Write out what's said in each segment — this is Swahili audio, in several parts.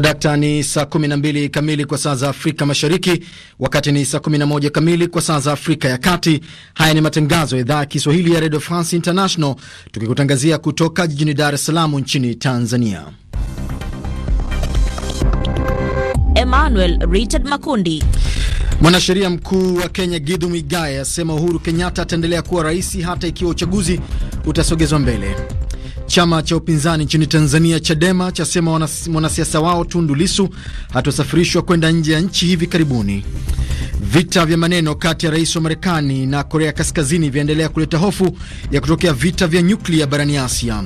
dakta, ni saa 12 kamili kwa saa za Afrika Mashariki, wakati ni saa 11 kamili kwa saa za Afrika ya Kati. Haya ni matangazo ya idhaa ya Kiswahili ya Radio France International, tukikutangazia kutoka jijini Dar es Salaam nchini Tanzania. Emmanuel Richard Makundi. Mwanasheria mkuu wa Kenya Githu Muigai asema Uhuru Kenyatta ataendelea kuwa rais hata ikiwa uchaguzi utasogezwa mbele. Chama cha upinzani nchini Tanzania Chadema chasema mwanasiasa wao Tundu Lisu hatosafirishwa kwenda nje ya nchi hivi karibuni. Vita vya maneno kati ya rais wa Marekani na Korea Kaskazini vyaendelea kuleta hofu ya kutokea vita vya nyuklia barani Asia.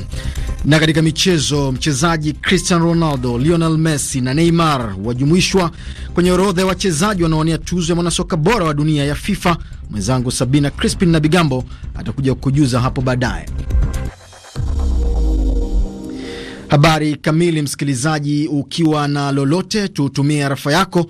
Na katika michezo, mchezaji Cristiano Ronaldo, Lionel Messi na Neymar wajumuishwa kwenye orodha ya wachezaji wanaowania tuzo ya mwanasoka bora wa dunia ya FIFA. Mwenzangu Sabina Crispin na Bigambo atakuja kukujuza hapo baadaye. Habari kamili, msikilizaji, ukiwa na lolote, tutumie arafa yako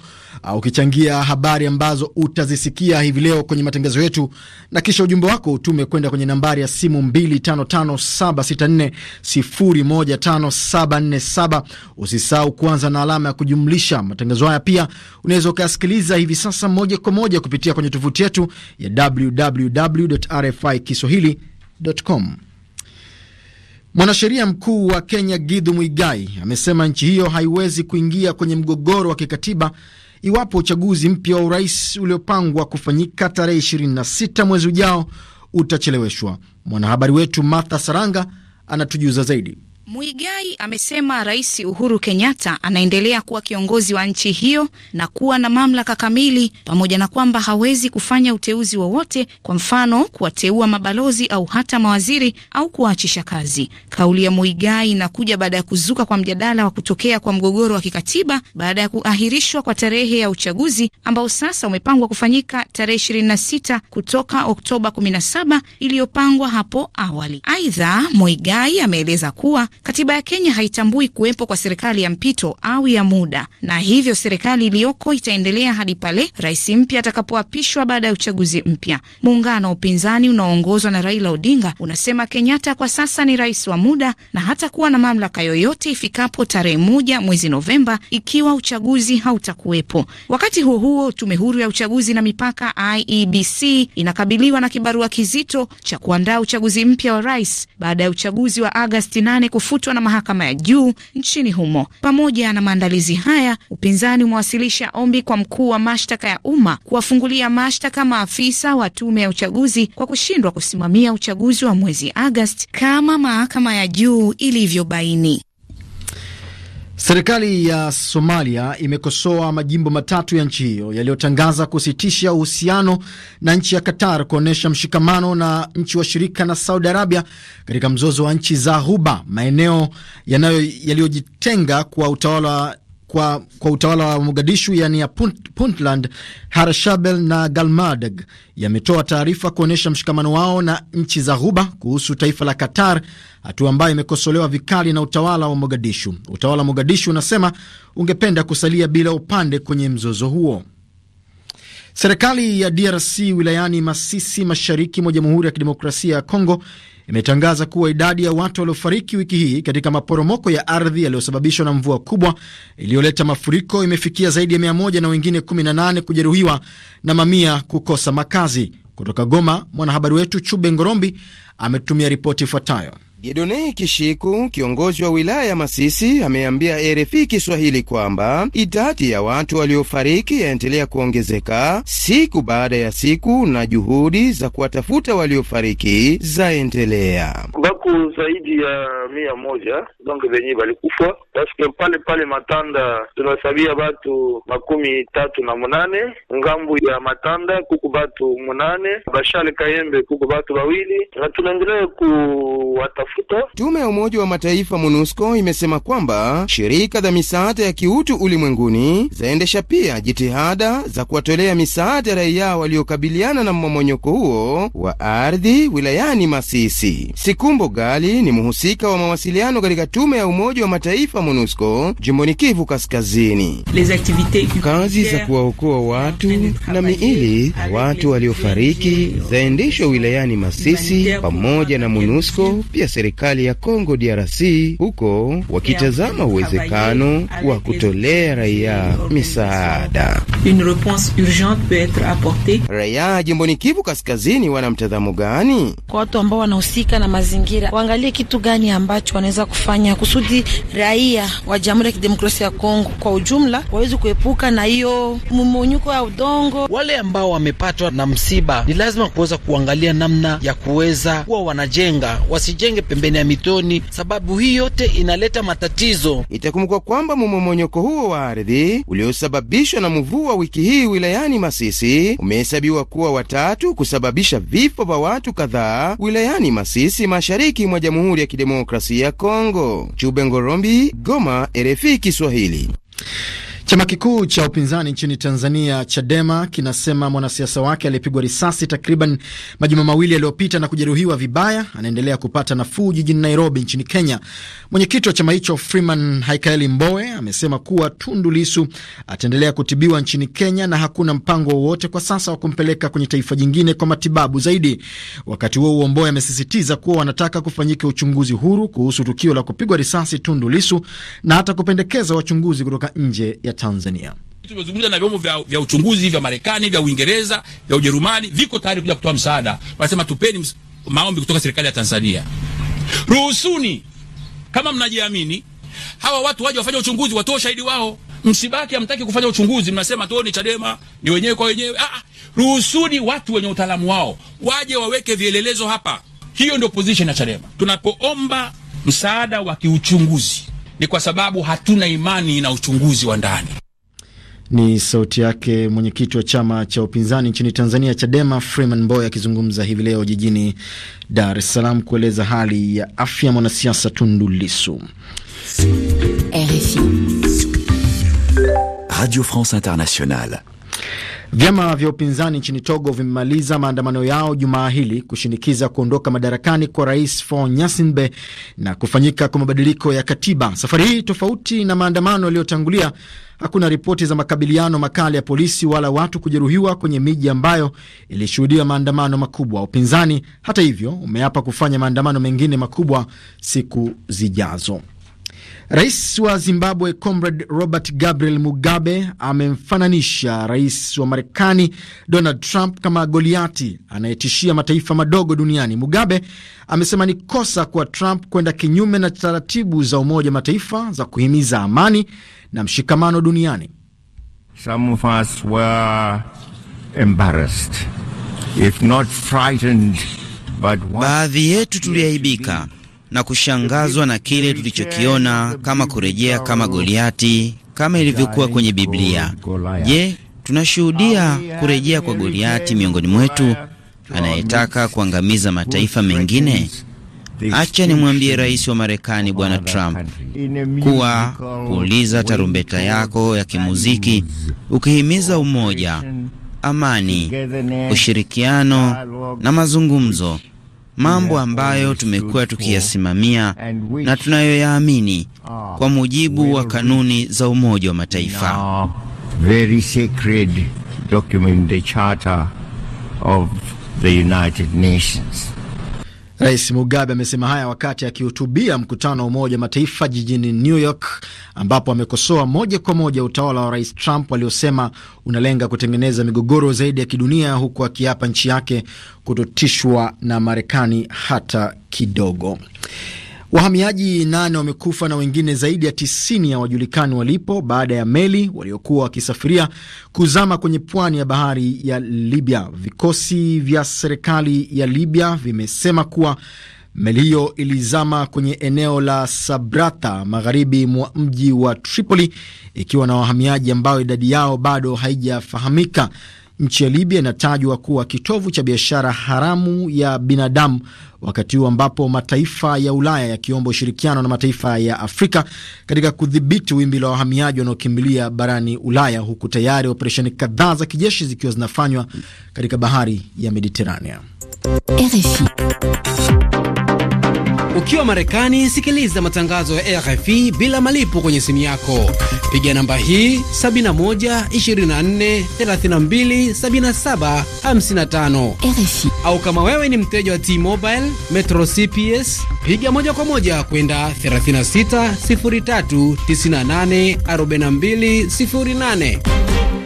ukichangia habari ambazo utazisikia hivi leo kwenye matangazo yetu, na kisha ujumbe wako utume kwenda kwenye nambari ya simu 255764015747. Usisahau kuanza na alama ya kujumlisha. Matangazo haya pia unaweza ukayasikiliza hivi sasa moja kwa moja kupitia kwenye tovuti yetu ya www.rfikiswahili.com. Mwanasheria mkuu wa Kenya Githu Muigai amesema nchi hiyo haiwezi kuingia kwenye mgogoro wa kikatiba iwapo uchaguzi mpya wa urais uliopangwa kufanyika tarehe 26 mwezi ujao utacheleweshwa. Mwanahabari wetu Martha Saranga anatujuza zaidi. Muigai amesema Rais Uhuru Kenyatta anaendelea kuwa kiongozi wa nchi hiyo na kuwa na mamlaka kamili, pamoja na kwamba hawezi kufanya uteuzi wowote, kwa mfano kuwateua mabalozi au hata mawaziri au kuwaachisha kazi. Kauli ya Muigai inakuja baada ya kuzuka kwa mjadala wa kutokea kwa mgogoro wa kikatiba baada ya kuahirishwa kwa tarehe ya uchaguzi ambao sasa umepangwa kufanyika tarehe 26 kutoka Oktoba 17 iliyopangwa hapo awali. Aidha, Muigai ameeleza kuwa Katiba ya Kenya haitambui kuwepo kwa serikali ya mpito au ya muda, na hivyo serikali iliyoko itaendelea hadi pale rais mpya atakapoapishwa baada ya uchaguzi mpya. Muungano wa upinzani unaoongozwa na Raila Odinga unasema Kenyatta kwa sasa ni rais wa muda na hatakuwa na mamlaka yoyote ifikapo tarehe moja mwezi Novemba ikiwa uchaguzi hautakuwepo. Wakati huo huo, tume huru ya uchaguzi na mipaka IEBC inakabiliwa na kibarua kizito cha kuandaa uchaguzi mpya wa rais baada ya uchaguzi wa Agasti 8 kufutwa na mahakama ya juu nchini humo. Pamoja na maandalizi haya, upinzani umewasilisha ombi kwa mkuu wa mashtaka ya umma kuwafungulia mashtaka maafisa wa tume ya uchaguzi kwa kushindwa kusimamia uchaguzi wa mwezi Agasti kama mahakama ya juu ilivyobaini. Serikali ya Somalia imekosoa majimbo matatu ya nchi hiyo yaliyotangaza kusitisha uhusiano na nchi ya Qatar kuonyesha mshikamano na nchi washirika na Saudi Arabia katika mzozo wa nchi za Ghuba, maeneo yaliyojitenga kwa utawala kwa, kwa utawala wa Mogadishu yani ya Punt, Puntland, Harashabel na Galmadag yametoa taarifa kuonyesha mshikamano wao na nchi za Ghuba kuhusu taifa la Qatar, hatua ambayo imekosolewa vikali na utawala wa Mogadishu. Utawala wa Mogadishu unasema ungependa kusalia bila upande kwenye mzozo huo. Serikali ya DRC wilayani Masisi, mashariki mwa Jamhuri ya Kidemokrasia ya Kongo imetangaza kuwa idadi ya watu waliofariki wiki hii katika maporomoko ya ardhi yaliyosababishwa na mvua kubwa iliyoleta mafuriko imefikia zaidi ya mia moja na wengine 18 kujeruhiwa na mamia kukosa makazi. Kutoka Goma, mwanahabari wetu Chube Ngorombi ametumia ripoti ifuatayo. Diedone Kishiku, kiongozi wa wilaya ya Masisi, ameambia RFI Kiswahili kwamba idadi ya watu waliofariki yaendelea kuongezeka siku baada ya siku na juhudi za kuwatafuta waliofariki zaendelea. Baku zaidi ya mia moja donge venye valikufa paske pale pale Matanda tunasabia batu makumi tatu na munane ngambu ya Matanda kuku batu munane Bashale Kayembe kuku batu bawili na tunaendelea kuwatafuta mafuta. Tume ya Umoja wa Mataifa MONUSCO imesema kwamba shirika za misaada ya kiutu ulimwenguni zaendesha pia jitihada za kuwatolea misaada raia waliokabiliana na mmomonyoko huo wa ardhi wilayani Masisi. Sikumbo Gali ni mhusika wa mawasiliano katika tume ya Umoja wa Mataifa MONUSCO jimboni Kivu Kaskazini. Kazi za kuwaokoa watu na miili watu waliofariki zaendeshwa wilayani Masisi pamoja na MONUSCO pia serikali ya Kongo DRC huko wakitazama uwezekano wa kutolea raia misaada. Raia jimboni Kivu Kaskazini wana mtazamo gani? Kwa watu ambao wanahusika na mazingira, waangalie kitu gani ambacho wanaweza kufanya kusudi raia wa Jamhuri ya Kidemokrasia ya Kongo kwa ujumla waweze kuepuka na hiyo mmonyuko ya udongo. Wale ambao wamepatwa na msiba ni lazima kuweza kuangalia namna ya kuweza kuwa wanajenga, wasijenge pembeni ya mitoni. Sababu hii yote inaleta matatizo. Itakumbukwa kwamba mmomonyoko huo wa ardhi uliosababishwa na mvua wiki hii wilayani Masisi umehesabiwa kuwa watatu kusababisha vifo vya watu kadhaa wilayani Masisi, mashariki mwa Jamhuri ya Kidemokrasia ya Kongo. Chube Ngorombi, Goma, RFI Kiswahili. Chama kikuu cha upinzani nchini Tanzania, Chadema, kinasema mwanasiasa wake aliyepigwa risasi takriban majuma mawili yaliyopita na kujeruhiwa vibaya anaendelea kupata nafuu jijini Nairobi nchini Kenya. Mwenyekiti wa chama hicho Freeman Haikaeli Mbowe amesema kuwa Tundu Lisu ataendelea kutibiwa nchini Kenya na hakuna mpango wowote kwa sasa wa kumpeleka kwenye taifa jingine kwa matibabu zaidi. Wakati huo huo, Mbowe amesisitiza kuwa wanataka kufanyika uchunguzi huru kuhusu tukio la kupigwa risasi Tundu Lisu na hata kupendekeza wachunguzi kutoka nje ya Tanzania. Tumezungumza na vyombo vya, vya uchunguzi vya Marekani, vya Uingereza, vya Ujerumani, viko tayari kuja kutoa msaada. Wanasema tupeni maombi kutoka serikali ya Tanzania, ruhusuni kama mnajiamini hawa watu waje wafanye uchunguzi, watoe ushahidi wao. Msibaki amtaki kufanya uchunguzi, mnasema tu ni Chadema ni wenyewe kwa wenyewe. Ah, ah, ruhusuni watu wenye utaalamu wao waje waweke vielelezo hapa. Hiyo ndio position ya Chadema. Tunapoomba msaada wa kiuchunguzi ni kwa sababu hatuna imani na uchunguzi wa ndani. Ni sauti yake mwenyekiti wa chama cha upinzani nchini Tanzania, Chadema, Freeman Mbowe akizungumza hivi leo jijini Dar es Salaam kueleza hali ya afya mwanasiasa Tundu Lissu. RFI Radio France Internationale. Vyama vya upinzani nchini Togo vimemaliza maandamano yao jumaa hili kushinikiza kuondoka madarakani kwa rais Faure Nyasinbe na kufanyika kwa mabadiliko ya katiba. Safari hii tofauti na maandamano yaliyotangulia, hakuna ripoti za makabiliano makali ya polisi wala watu kujeruhiwa kwenye miji ambayo ilishuhudia maandamano makubwa. Upinzani hata hivyo umeapa kufanya maandamano mengine makubwa siku zijazo. Rais wa Zimbabwe Comrade Robert Gabriel Mugabe amemfananisha rais wa Marekani Donald Trump kama Goliati anayetishia mataifa madogo duniani. Mugabe amesema ni kosa kwa Trump kwenda kinyume na taratibu za Umoja Mataifa za kuhimiza amani na mshikamano duniani. Some of us were embarrassed, if not frightened, but... baadhi yetu tuliaibika na kushangazwa na kile tulichokiona kama kurejea kama Goliati, kama ilivyokuwa kwenye Biblia. Je, tunashuhudia kurejea kwa Goliati miongoni mwetu anayetaka kuangamiza mataifa mengine? Acha nimwambie rais wa Marekani Bwana Trump kuwa kuuliza tarumbeta yako ya kimuziki ukihimiza umoja, amani, ushirikiano na mazungumzo mambo ambayo tumekuwa tukiyasimamia na tunayoyaamini ah, kwa mujibu wa kanuni za Umoja wa Mataifa. Very the United Nations. Rais Mugabe amesema haya wakati akihutubia mkutano wa Umoja Mataifa jijini New York, ambapo amekosoa moja kwa moja utawala wa Rais Trump aliosema unalenga kutengeneza migogoro zaidi ya kidunia, huku akiapa nchi yake kutotishwa na Marekani hata kidogo. Wahamiaji nane wamekufa na wengine zaidi ya tisini hawajulikani walipo baada ya meli waliokuwa wakisafiria kuzama kwenye pwani ya bahari ya Libya. Vikosi vya serikali ya Libya vimesema kuwa meli hiyo ilizama kwenye eneo la Sabrata magharibi mwa mji wa Tripoli ikiwa na wahamiaji ambao idadi yao bado haijafahamika. Nchi ya Libya inatajwa kuwa kitovu cha biashara haramu ya binadamu, wakati huu ambapo mataifa ya Ulaya yakiomba ushirikiano na mataifa ya Afrika katika kudhibiti wimbi la wahamiaji wanaokimbilia barani Ulaya, huku tayari operesheni kadhaa za kijeshi zikiwa zinafanywa katika bahari ya Mediterania. RFI. Ukiwa Marekani, sikiliza matangazo ya RFI bila malipo kwenye simu yako. Piga namba hii 7124327755 RFI, au kama wewe ni mteja wa T-Mobile Metro CPS, piga moja kwa moja kwenda 36 03 98 42 08.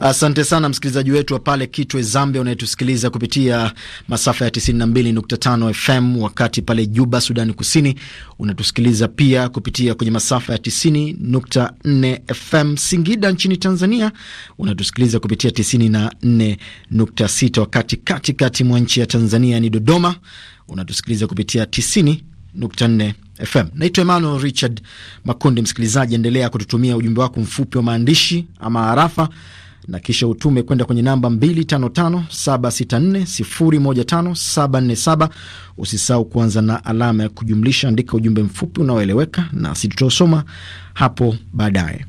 Asante sana msikilizaji wetu wa pale Kitwe, Zambia, unayetusikiliza kupitia masafa ya 92.5 FM, wakati pale Juba, Sudani Kusini, unatusikiliza pia kupitia kwenye masafa ya 90.4 FM. Singida nchini Tanzania, unatusikiliza kupitia 94.6, wakati katikati mwa nchi ya Tanzania ni Dodoma, unatusikiliza kupitia 90.4 FM. Naitwa Emmanuel Richard Makundi. Msikilizaji, endelea kututumia ujumbe wako mfupi wa maandishi ama arafa na kisha utume kwenda kwenye namba 255764015747. Usisahau kuanza na alama ya kujumlisha, andika ujumbe mfupi unaoeleweka na situtosoma hapo baadaye.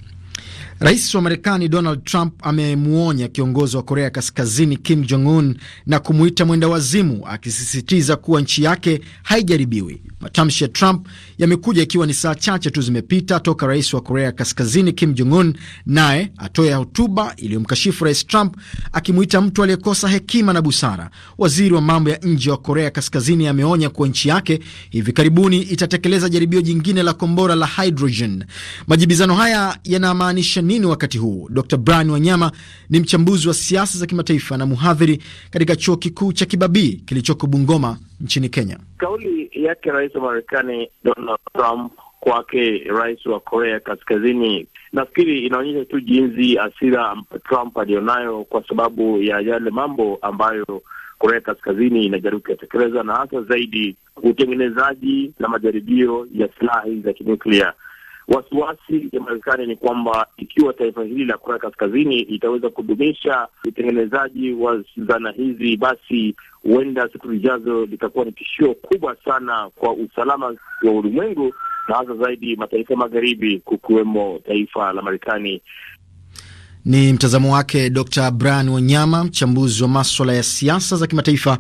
Rais wa Marekani Donald Trump amemwonya kiongozi wa Korea Kaskazini Kim Jong Un na kumwita mwenda wazimu, akisisitiza kuwa nchi yake haijaribiwi. Matamshi ya Trump yamekuja ikiwa ni saa chache tu zimepita toka rais wa Korea Kaskazini Kim Jong Un naye atoe hotuba iliyomkashifu rais Trump akimwita mtu aliyekosa hekima na busara. Waziri wa mambo ya nje wa Korea Kaskazini ameonya kuwa nchi yake hivi karibuni itatekeleza jaribio jingine la kombora la hydrogen. Majibizano haya yanamaanisha nini wakati huu? Dr Brian Wanyama ni mchambuzi wa siasa za kimataifa na muhadhiri katika chuo kikuu cha Kibabii kilichoko Bungoma nchini Kenya. Kauli yake rais wa Marekani Donald Trump kwake rais wa Korea Kaskazini nafikiri inaonyesha tu jinsi asira Trump aliyonayo kwa sababu ya yale mambo ambayo Korea Kaskazini inajaribu kuyatekeleza na hasa zaidi utengenezaji na majaribio ya silaha hizi za kinuklia. Wasiwasi ya Marekani ni kwamba ikiwa taifa hili la Korea Kaskazini litaweza kudumisha utengenezaji wa zana hizi, basi huenda siku zijazo litakuwa ni tishio kubwa sana kwa usalama wa ulimwengu na hasa zaidi mataifa magharibi, kukiwemo taifa la Marekani. Ni mtazamo wake Dr Brian Wanyama, mchambuzi wa maswala ya siasa za kimataifa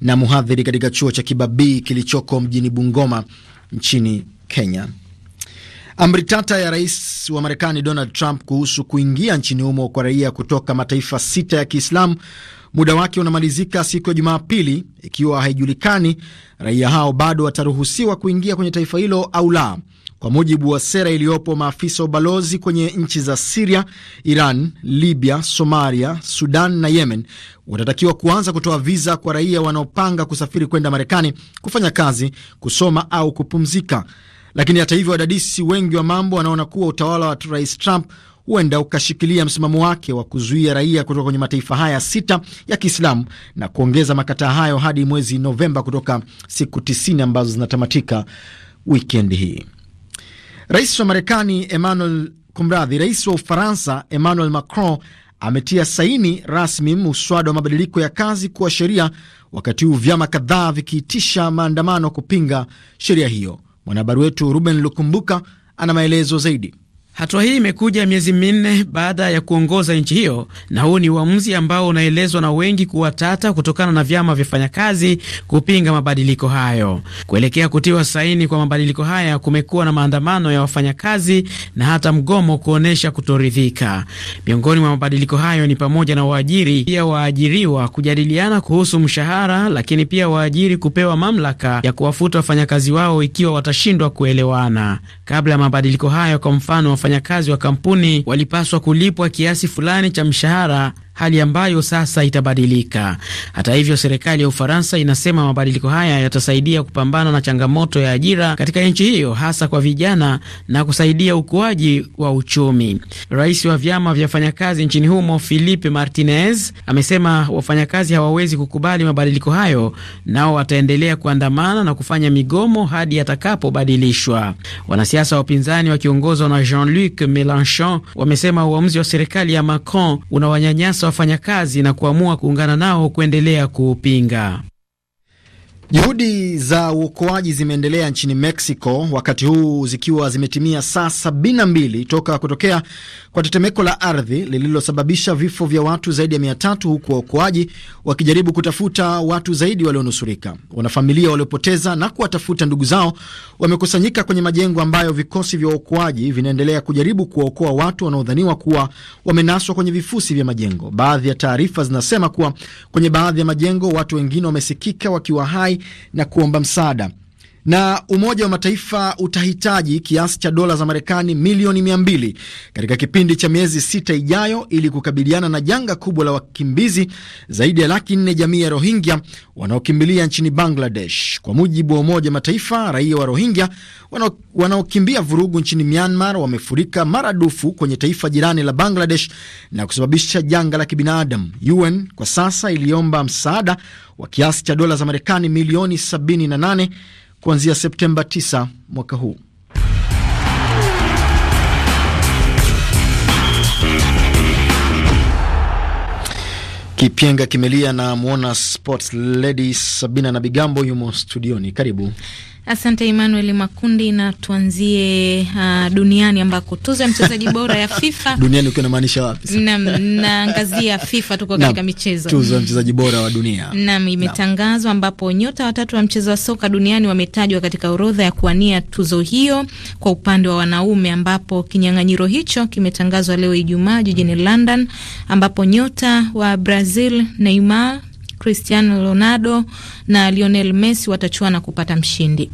na mhadhiri katika chuo cha Kibabii kilichoko mjini Bungoma nchini Kenya. Amri tata ya rais wa Marekani Donald Trump kuhusu kuingia nchini humo kwa raia kutoka mataifa sita ya Kiislamu muda wake unamalizika siku ya Jumapili ikiwa haijulikani raia hao bado wataruhusiwa kuingia kwenye taifa hilo au la. Kwa mujibu wa sera iliyopo, maafisa wa ubalozi kwenye nchi za Siria, Iran, Libya, Somalia, Sudan na Yemen watatakiwa kuanza kutoa viza kwa raia wanaopanga kusafiri kwenda Marekani kufanya kazi, kusoma au kupumzika. Lakini hata hivyo, wadadisi wengi wa mambo wanaona kuwa utawala wa Rais Trump huenda ukashikilia msimamo wake wa kuzuia raia kutoka kwenye mataifa haya sita ya Kiislamu na kuongeza makataa hayo hadi mwezi Novemba kutoka siku tisini ambazo zinatamatika wikendi hii. Rais wa Marekani Emmanuel kumradhi, rais wa Ufaransa Emmanuel Macron ametia saini rasmi muswada wa mabadiliko ya kazi kuwa sheria, wakati huu vyama kadhaa vikiitisha maandamano kupinga sheria hiyo. Mwanahabari wetu Ruben Lukumbuka ana maelezo zaidi. Hatua hii imekuja miezi minne baada ya kuongoza nchi hiyo, na huu ni uamuzi ambao unaelezwa na wengi kuwa tata kutokana na vyama vya fanyakazi kupinga mabadiliko hayo. Kuelekea kutiwa saini kwa mabadiliko haya, kumekuwa na maandamano ya wafanyakazi na hata mgomo kuonyesha kutoridhika. Miongoni mwa mabadiliko hayo ni pamoja na waajiri pia waajiriwa kujadiliana kuhusu mshahara, lakini pia waajiri kupewa mamlaka ya kuwafuta wafanyakazi wao ikiwa watashindwa kuelewana. Kabla ya mabadiliko hayo, kwa mfano wafanyakazi wa kampuni walipaswa kulipwa kiasi fulani cha mshahara hali ambayo sasa itabadilika. Hata hivyo, serikali ya Ufaransa inasema mabadiliko haya yatasaidia kupambana na changamoto ya ajira katika nchi hiyo, hasa kwa vijana na kusaidia ukuaji wa uchumi. Rais wa vyama vya wafanyakazi nchini humo Philippe Martinez amesema wafanyakazi hawawezi kukubali mabadiliko hayo, nao wataendelea kuandamana na kufanya migomo hadi yatakapobadilishwa. Wanasiasa wa upinzani wakiongozwa na Jean-Luc Melenchon wamesema uamuzi wa serikali ya Macron unawanyanyasa wafanyakazi na kuamua kuungana nao kuendelea kuupinga. Juhudi za uokoaji zimeendelea nchini Mexico wakati huu zikiwa zimetimia saa 72 toka kutokea kwa tetemeko la ardhi lililosababisha vifo vya watu zaidi ya mia tatu huku waokoaji wakijaribu kutafuta watu zaidi walionusurika. Wanafamilia waliopoteza na kuwatafuta ndugu zao wamekusanyika kwenye majengo ambayo vikosi vya uokoaji vinaendelea kujaribu kuwaokoa watu wanaodhaniwa kuwa wamenaswa kwenye vifusi vya majengo. Baadhi ya taarifa zinasema kuwa kwenye baadhi ya majengo watu wengine wamesikika wakiwa hai na kuomba msaada na Umoja wa Mataifa utahitaji kiasi cha dola za Marekani milioni mbili katika kipindi cha miezi sita ijayo ili kukabiliana na janga kubwa la wakimbizi zaidi ya laki nne jamii ya Rohingya wanaokimbilia nchini Bangladesh. Kwa mujibu wa Umoja wa Mataifa, raia wa Rohingya wanaokimbia vurugu nchini Myanmar wamefurika maradufu kwenye taifa jirani la Bangladesh na kusababisha janga la kibinadamu. UN kwa sasa iliomba msaada wa kiasi cha dola za Marekani milioni 78 kuanzia Septemba 9 mwaka huu. Kipyenga kimelia na mwona sports lady Sabina na Bigambo yumo studioni. Karibu. Asante Emmanuel Makundi, na tuanzie uh, duniani ambako tuzo ya mchezaji bora ya FIFA duniani ukiwa namaanisha wapi? Naam, naangazia FIFA, tuko katika michezo. Tuzo ya mchezaji bora wa dunia naam, imetangazwa ambapo nyota watatu wa mchezo wa soka duniani wametajwa katika orodha ya kuwania tuzo hiyo kwa upande wa wanaume, ambapo kinyang'anyiro hicho kimetangazwa leo Ijumaa jijini London, ambapo nyota wa Brazil Neymar Cristiano Ronaldo na Lionel Messi watachuana kupata mshindi.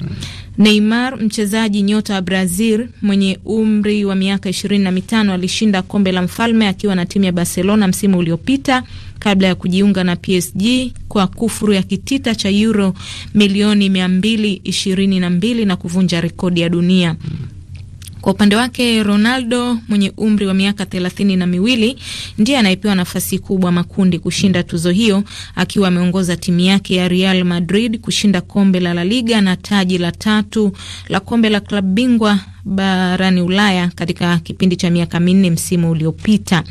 Neymar, mchezaji nyota wa Brazil mwenye umri wa miaka ishirini na mitano, alishinda kombe la mfalme akiwa na timu ya Barcelona msimu uliopita kabla ya kujiunga na PSG kwa kufuru ya kitita cha euro milioni mia mbili ishirini na mbili na kuvunja rekodi ya dunia. Kwa upande wake Ronaldo mwenye umri wa miaka thelathini na miwili ndiye anayepewa nafasi kubwa makundi kushinda tuzo hiyo akiwa ameongoza timu yake ya Real Madrid kushinda kombe la La Liga na taji la tatu la kombe la klabu bingwa barani Ulaya katika kipindi cha miaka minne msimu uliopita.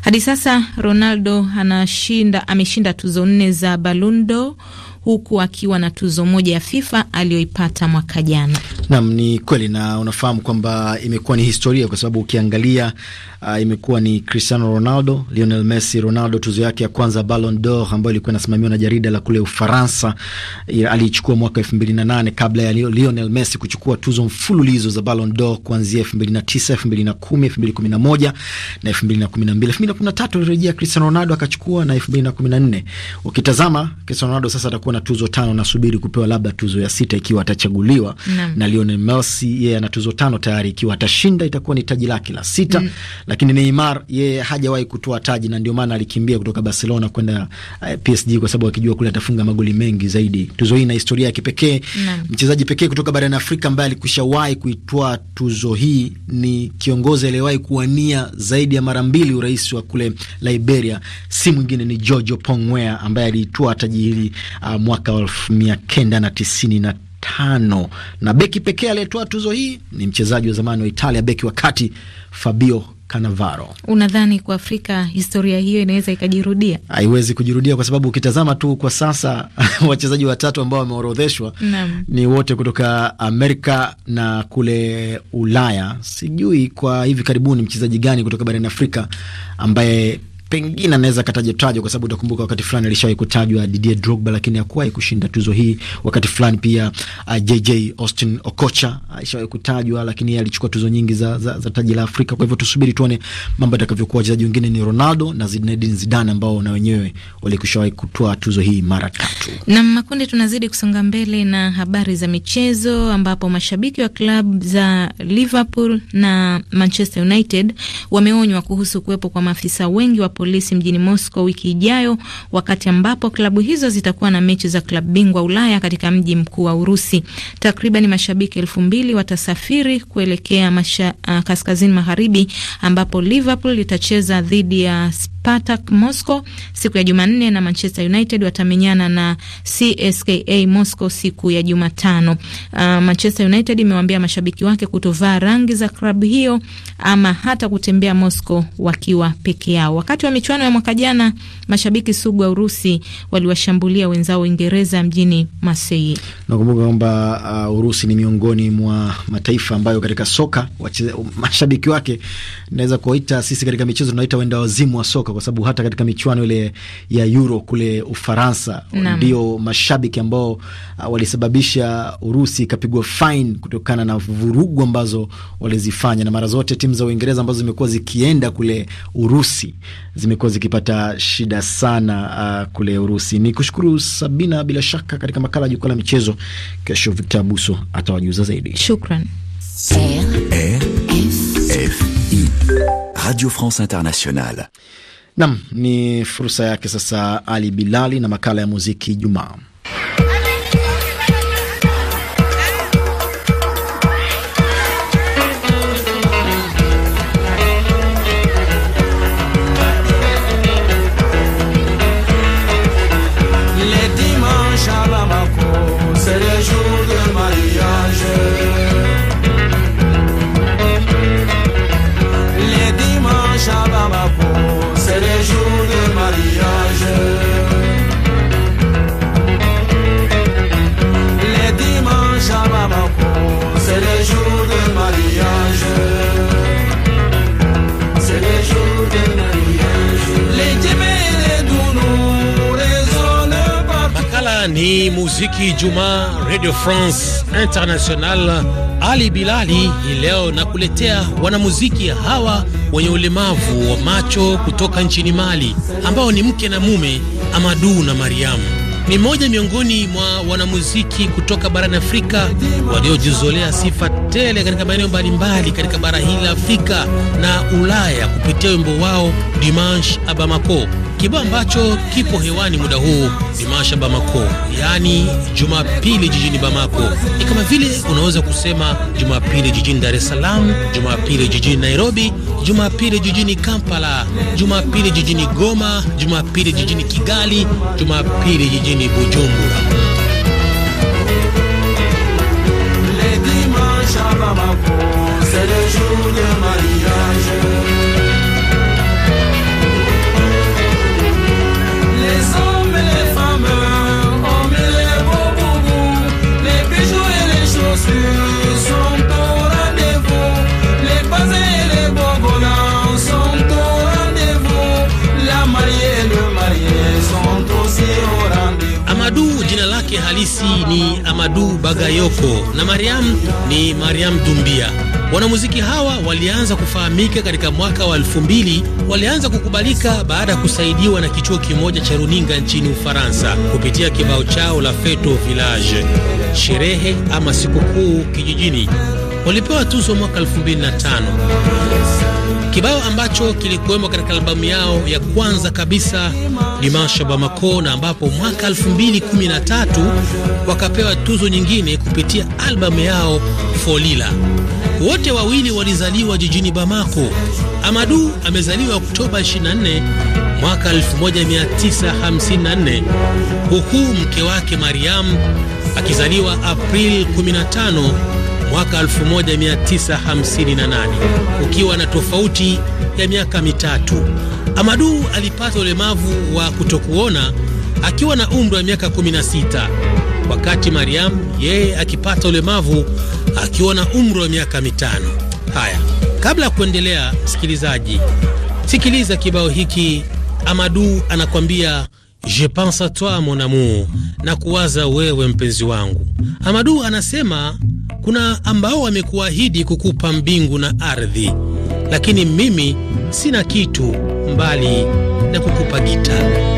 Hadi sasa Ronaldo anashinda ameshinda tuzo nne za Ballon d'Or huku akiwa na tuzo moja ya FIFA aliyoipata mwaka jana. Naam, ni kweli, na unafahamu kwamba imekuwa ni historia kwa sababu ukiangalia, uh, imekuwa ni Cristiano Ronaldo, Lionel Messi. Ronaldo tuzo yake ya kwanza Ballon d'Or ambayo ilikuwa inasimamiwa na jarida la kule Ufaransa aliichukua mwaka 2008 kabla ya Lionel Messi kuchukua tuzo mfululizo za Ballon d'Or kuanzia 2009, 2010, 2011 na 2012. 2013 alirejea Cristiano Ronaldo akachukua na 2014. Ukitazama Cristiano Ronaldo sasa atakuwa ana tuzo tano, nasubiri kupewa labda tuzo ya sita ikiwa atachaguliwa na, na Lionel Messi yeye ana tuzo tano tayari, ikiwa atashinda itakuwa ni taji lake la sita mm. Lakini Neymar yeye hajawahi kutoa taji na ndio maana alikimbia kutoka Barcelona kwenda eh, PSG kwa sababu akijua kule atafunga magoli mengi zaidi. Tuzo hii ina historia ya kipekee. Mchezaji pekee kutoka barani Afrika ambaye alikushawahi kuitwaa tuzo hii ni kiongozi aliyewahi kuwania zaidi ya mara mbili urais wa kule Liberia, si mwingine ni George Pongwea ambaye aliitwaa taji hili uh, mwaka wa elfu mia kenda na tisini na tano na beki pekee aliyetoa tuzo hii ni mchezaji wa zamani wa Italia, beki wa kati Fabio Cannavaro. Unadhani kwa Afrika historia hiyo inaweza ikajirudia? Haiwezi kujirudia kwa sababu ukitazama tu kwa sasa wachezaji watatu ambao wameorodheshwa ni wote kutoka Amerika na kule Ulaya. Sijui kwa hivi karibuni mchezaji gani kutoka barani Afrika ambaye pengine anaweza kataja tajwa kwa sababu utakumbuka wakati fulani alishawahi kutajwa Didier Drogba, lakini hakuwahi kushinda tuzo hii. Wakati fulani pia uh, JJ Austin Okocha alishawahi kutajwa, lakini yeye alichukua tuzo nyingi za, za, za taji la Afrika. Kwa hivyo tusubiri tuone mambo yatakavyokuwa. Wachezaji wengine ni Ronaldo na Zinedine Zidane ambao na wenyewe walikushawahi kutoa tuzo hii mara tatu. Na makundi, tunazidi kusonga mbele na habari za michezo, ambapo mashabiki wa klabu za Liverpool na Manchester United wameonywa kuhusu kuwepo kwa maafisa wengi wa polisi mjini Moscow wiki ijayo, wakati ambapo klabu hizo zitakuwa na mechi za klabu bingwa Ulaya katika mji mkuu wa Urusi. Takriban mashabiki elfu mbili watasafiri kuelekea masha, uh, kaskazini magharibi ambapo Liverpool itacheza dhidi ya Spartak Moscow siku ya Jumanne na Manchester United watamenyana na CSKA Moscow siku ya Jumatano. Uh, Manchester United imewaambia mashabiki wake kutovaa rangi za klabu hiyo ama hata kutembea Moscow wakiwa peke yao. Wakati wa michuano ya mwaka jana, mashabiki sugu wa Urusi waliwashambulia wenzao Uingereza mjini Marseille. Nakumbuka kwamba uh, Urusi ni miongoni mwa mataifa ambayo katika soka wachiza, mashabiki wake naweza kuwaita sisi katika michezo tunaita wenda wazimu wa soka kwa sababu hata katika michuano ile ya Euro kule Ufaransa ndio mashabiki ambao uh, walisababisha Urusi ikapigwa fine kutokana na vurugu ambazo walizifanya, na mara zote timu za Uingereza ambazo zimekuwa zikienda kule Urusi zimekuwa zikipata shida sana uh, kule Urusi. Ni kushukuru Sabina, bila shaka katika makala ya jukwaa la michezo kesho, Victor Abuso atawajuza zaidi. Shukran. Radio France Internationale. Nam ni fursa yake sasa Ali Bilali na makala ya muziki Jumaa. kubariki Ijumaa Radio France International. Ali Bilali hii leo nakuletea wanamuziki hawa wenye ulemavu wa macho kutoka nchini Mali ambao ni mke na mume, amadu na Mariamu. Ni mmoja miongoni mwa wanamuziki kutoka barani Afrika waliojizolea sifa tele katika maeneo mbalimbali katika bara hili la Afrika na Ulaya kupitia wimbo wao Dimanche a Bamako. Kibao ambacho kipo hewani muda huu ni Masha Bamako, yaani Jumapili jijini Bamako. Ni kama vile unaweza kusema Jumapili jijini Dar es Salaam, Jumapili jijini Nairobi, Jumapili jijini Kampala, Jumapili jijini Goma, Jumapili jijini Kigali, Jumapili jijini Bujumbura. Le dimanche à Bamako, c'est le jour de Marie. Amadu jina lake halisi ni Amadu Bagayoko na Mariam ni Mariam Dumbia. Wanamuziki hawa walianza kufahamika katika mwaka wa elfu mbili. Walianza kukubalika baada ya kusaidiwa na kichuo kimoja cha runinga nchini Ufaransa kupitia kibao chao la Feto Village, sherehe ama sikukuu kijijini. Walipewa tuzo mwaka elfu mbili na tano kibao ambacho kilikuwemo katika albamu yao ya kwanza kabisa Dimansha Bamako, na ambapo mwaka 2013 wakapewa tuzo nyingine kupitia albamu yao Folila. Wote wawili walizaliwa jijini Bamako. Amadu amezaliwa Oktoba 24 mwaka 1954 huku mke wake Mariam akizaliwa April 15 mwaka 1958 ukiwa na tofauti ya miaka mitatu. Amadu alipata ulemavu wa kutokuona akiwa na umri wa miaka 16, wakati Mariam yeye akipata ulemavu akiwa na umri wa miaka mitano. Haya, kabla ya kuendelea, msikilizaji sikiliza kibao hiki. Amadu anakwambia Je pense a toi mon amour, na kuwaza wewe mpenzi wangu. Amadu anasema kuna ambao wamekuahidi kukupa mbingu na ardhi, lakini mimi sina kitu mbali na kukupa gitaa.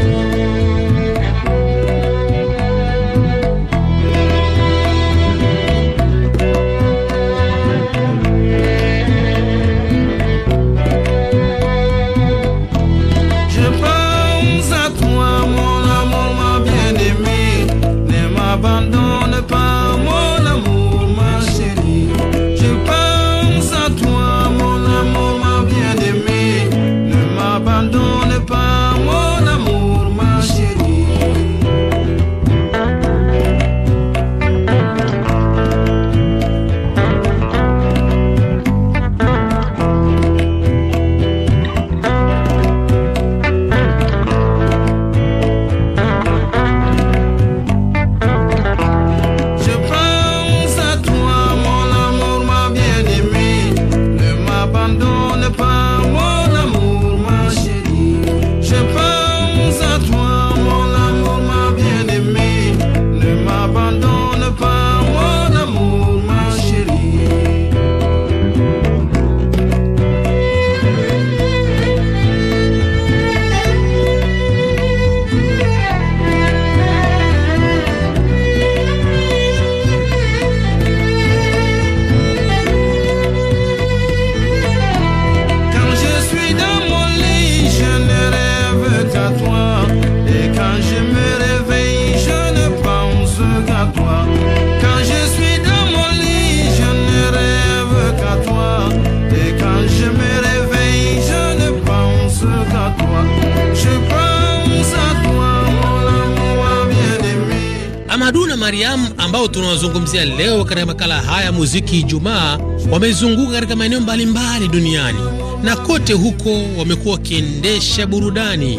tunawazungumzia leo katika makala haya muziki Ijumaa, wamezunguka katika maeneo mbalimbali duniani na kote huko wamekuwa wakiendesha burudani,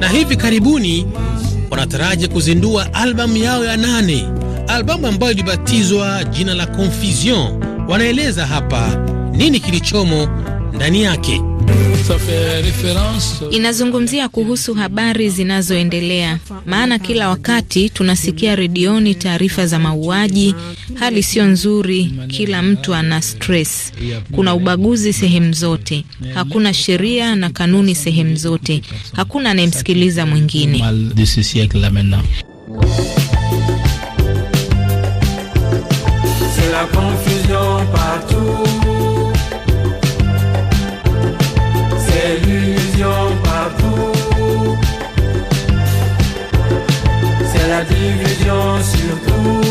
na hivi karibuni wanataraji kuzindua albamu yao ya nane, albamu ambayo ilibatizwa jina la Confusion. Wanaeleza hapa nini kilichomo ndani yake inazungumzia kuhusu habari zinazoendelea, maana kila wakati tunasikia redioni taarifa za mauaji. Hali sio nzuri, kila mtu ana stress. Kuna ubaguzi sehemu zote, hakuna sheria na kanuni sehemu zote, hakuna anayemsikiliza mwingine. la division surtout.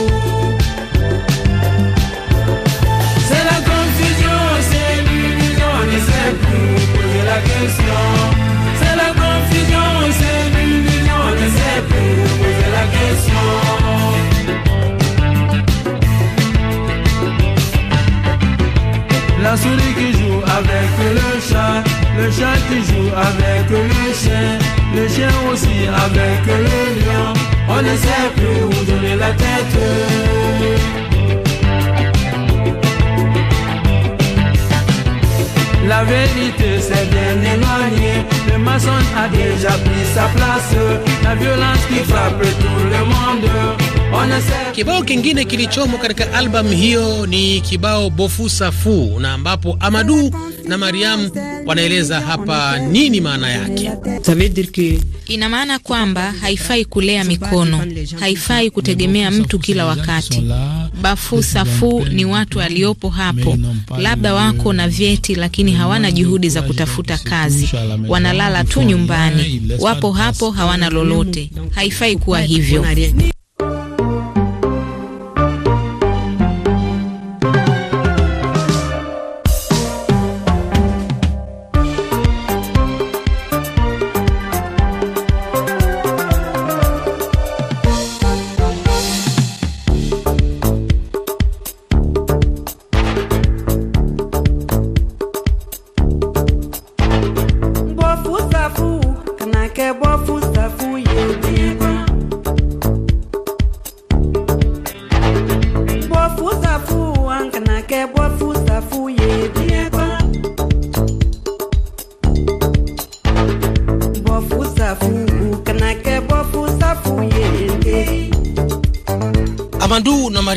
C'est la confusion, c'est l'illusion, on ne sait plus poser la question. C'est la confusion, c'est l'illusion, on ne sait plus poser la question. La souris qui joue avec le le chat qui joue avec le chien, le chien aussi avec le lion. On ne sait plus où donner la tête. La vérité c'est bien éloigné le maçon a déjà pris sa place, la violence qui frappe tout le monde. On kingine sait katika où hiyo ni kibao na wanaeleza hapa nini maana yake. Ina maana kwamba haifai kulea mikono, haifai kutegemea mtu kila wakati. safu ni watu waliopo hapo, labda wako na vyeti lakini hawana juhudi za kutafuta kazi, wanalala tu nyumbani, wapo hapo, hawana lolote. Haifai kuwa hivyo.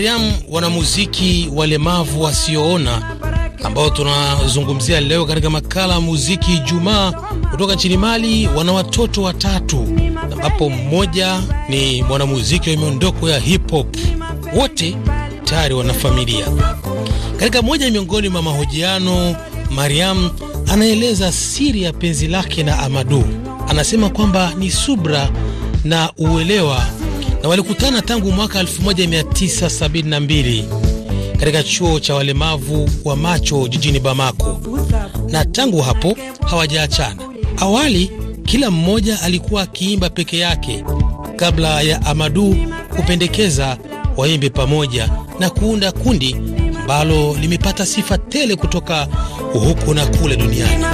Mariam, wanamuziki walemavu wasioona ambao tunazungumzia leo katika makala muziki Jumaa kutoka nchini Mali, wana watoto watatu, ambapo mmoja ni mwanamuziki wa miondoko ya hip hop. Wote tayari wana familia. Katika moja miongoni mwa mahojiano, Mariam anaeleza siri ya penzi lake na Amadu. Anasema kwamba ni subra na uelewa na walikutana tangu mwaka 1972 katika chuo cha walemavu wa macho jijini Bamako, na tangu hapo hawajaachana. Awali kila mmoja alikuwa akiimba peke yake kabla ya Amadu kupendekeza waimbe pamoja na kuunda kundi ambalo limepata sifa tele kutoka huku na kule duniani.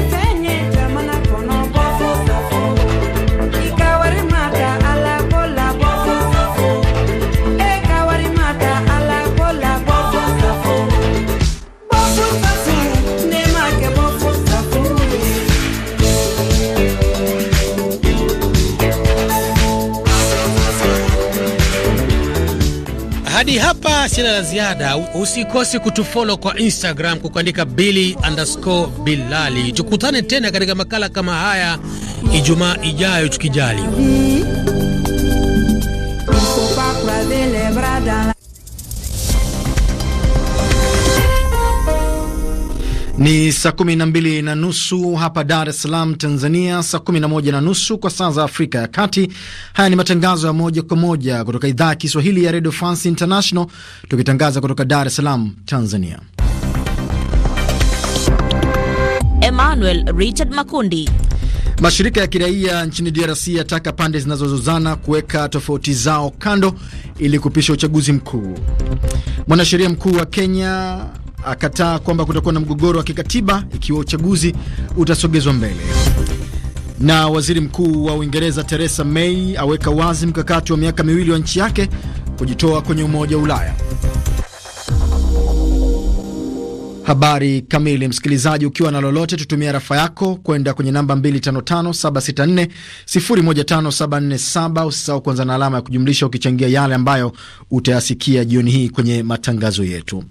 sina la ziada. Usikose kutufolo kwa Instagram kukuandika bili underscore Bilali. Tukutane tena katika makala kama haya Ijumaa ijayo tukijali. Ni saa kumi na mbili na nusu hapa Dar es Salaam, Tanzania, saa kumi na moja na nusu kwa saa za Afrika ya Kati. Haya ni matangazo ya moja kwa moja kutoka idhaa ya Kiswahili ya Radio France International, tukitangaza kutoka Dar es Salaam, Tanzania. Emmanuel Richard Makundi. Mashirika ya kiraia nchini DRC yataka pande zinazozozana kuweka tofauti zao kando ili kupisha uchaguzi mkuu. Mwanasheria mkuu wa Kenya akataa kwamba kutakuwa na mgogoro wa kikatiba ikiwa uchaguzi utasogezwa mbele. Na waziri mkuu wa Uingereza Theresa May aweka wazi mkakati wa miaka miwili wa nchi yake kujitoa kwenye Umoja wa Ulaya habari kamili. Msikilizaji, ukiwa na lolote, tutumia rafa yako kwenda kwenye namba 255764015747. Usisahau kuanza na alama ya kujumlisha ukichangia yale ambayo utayasikia jioni hii kwenye matangazo yetu.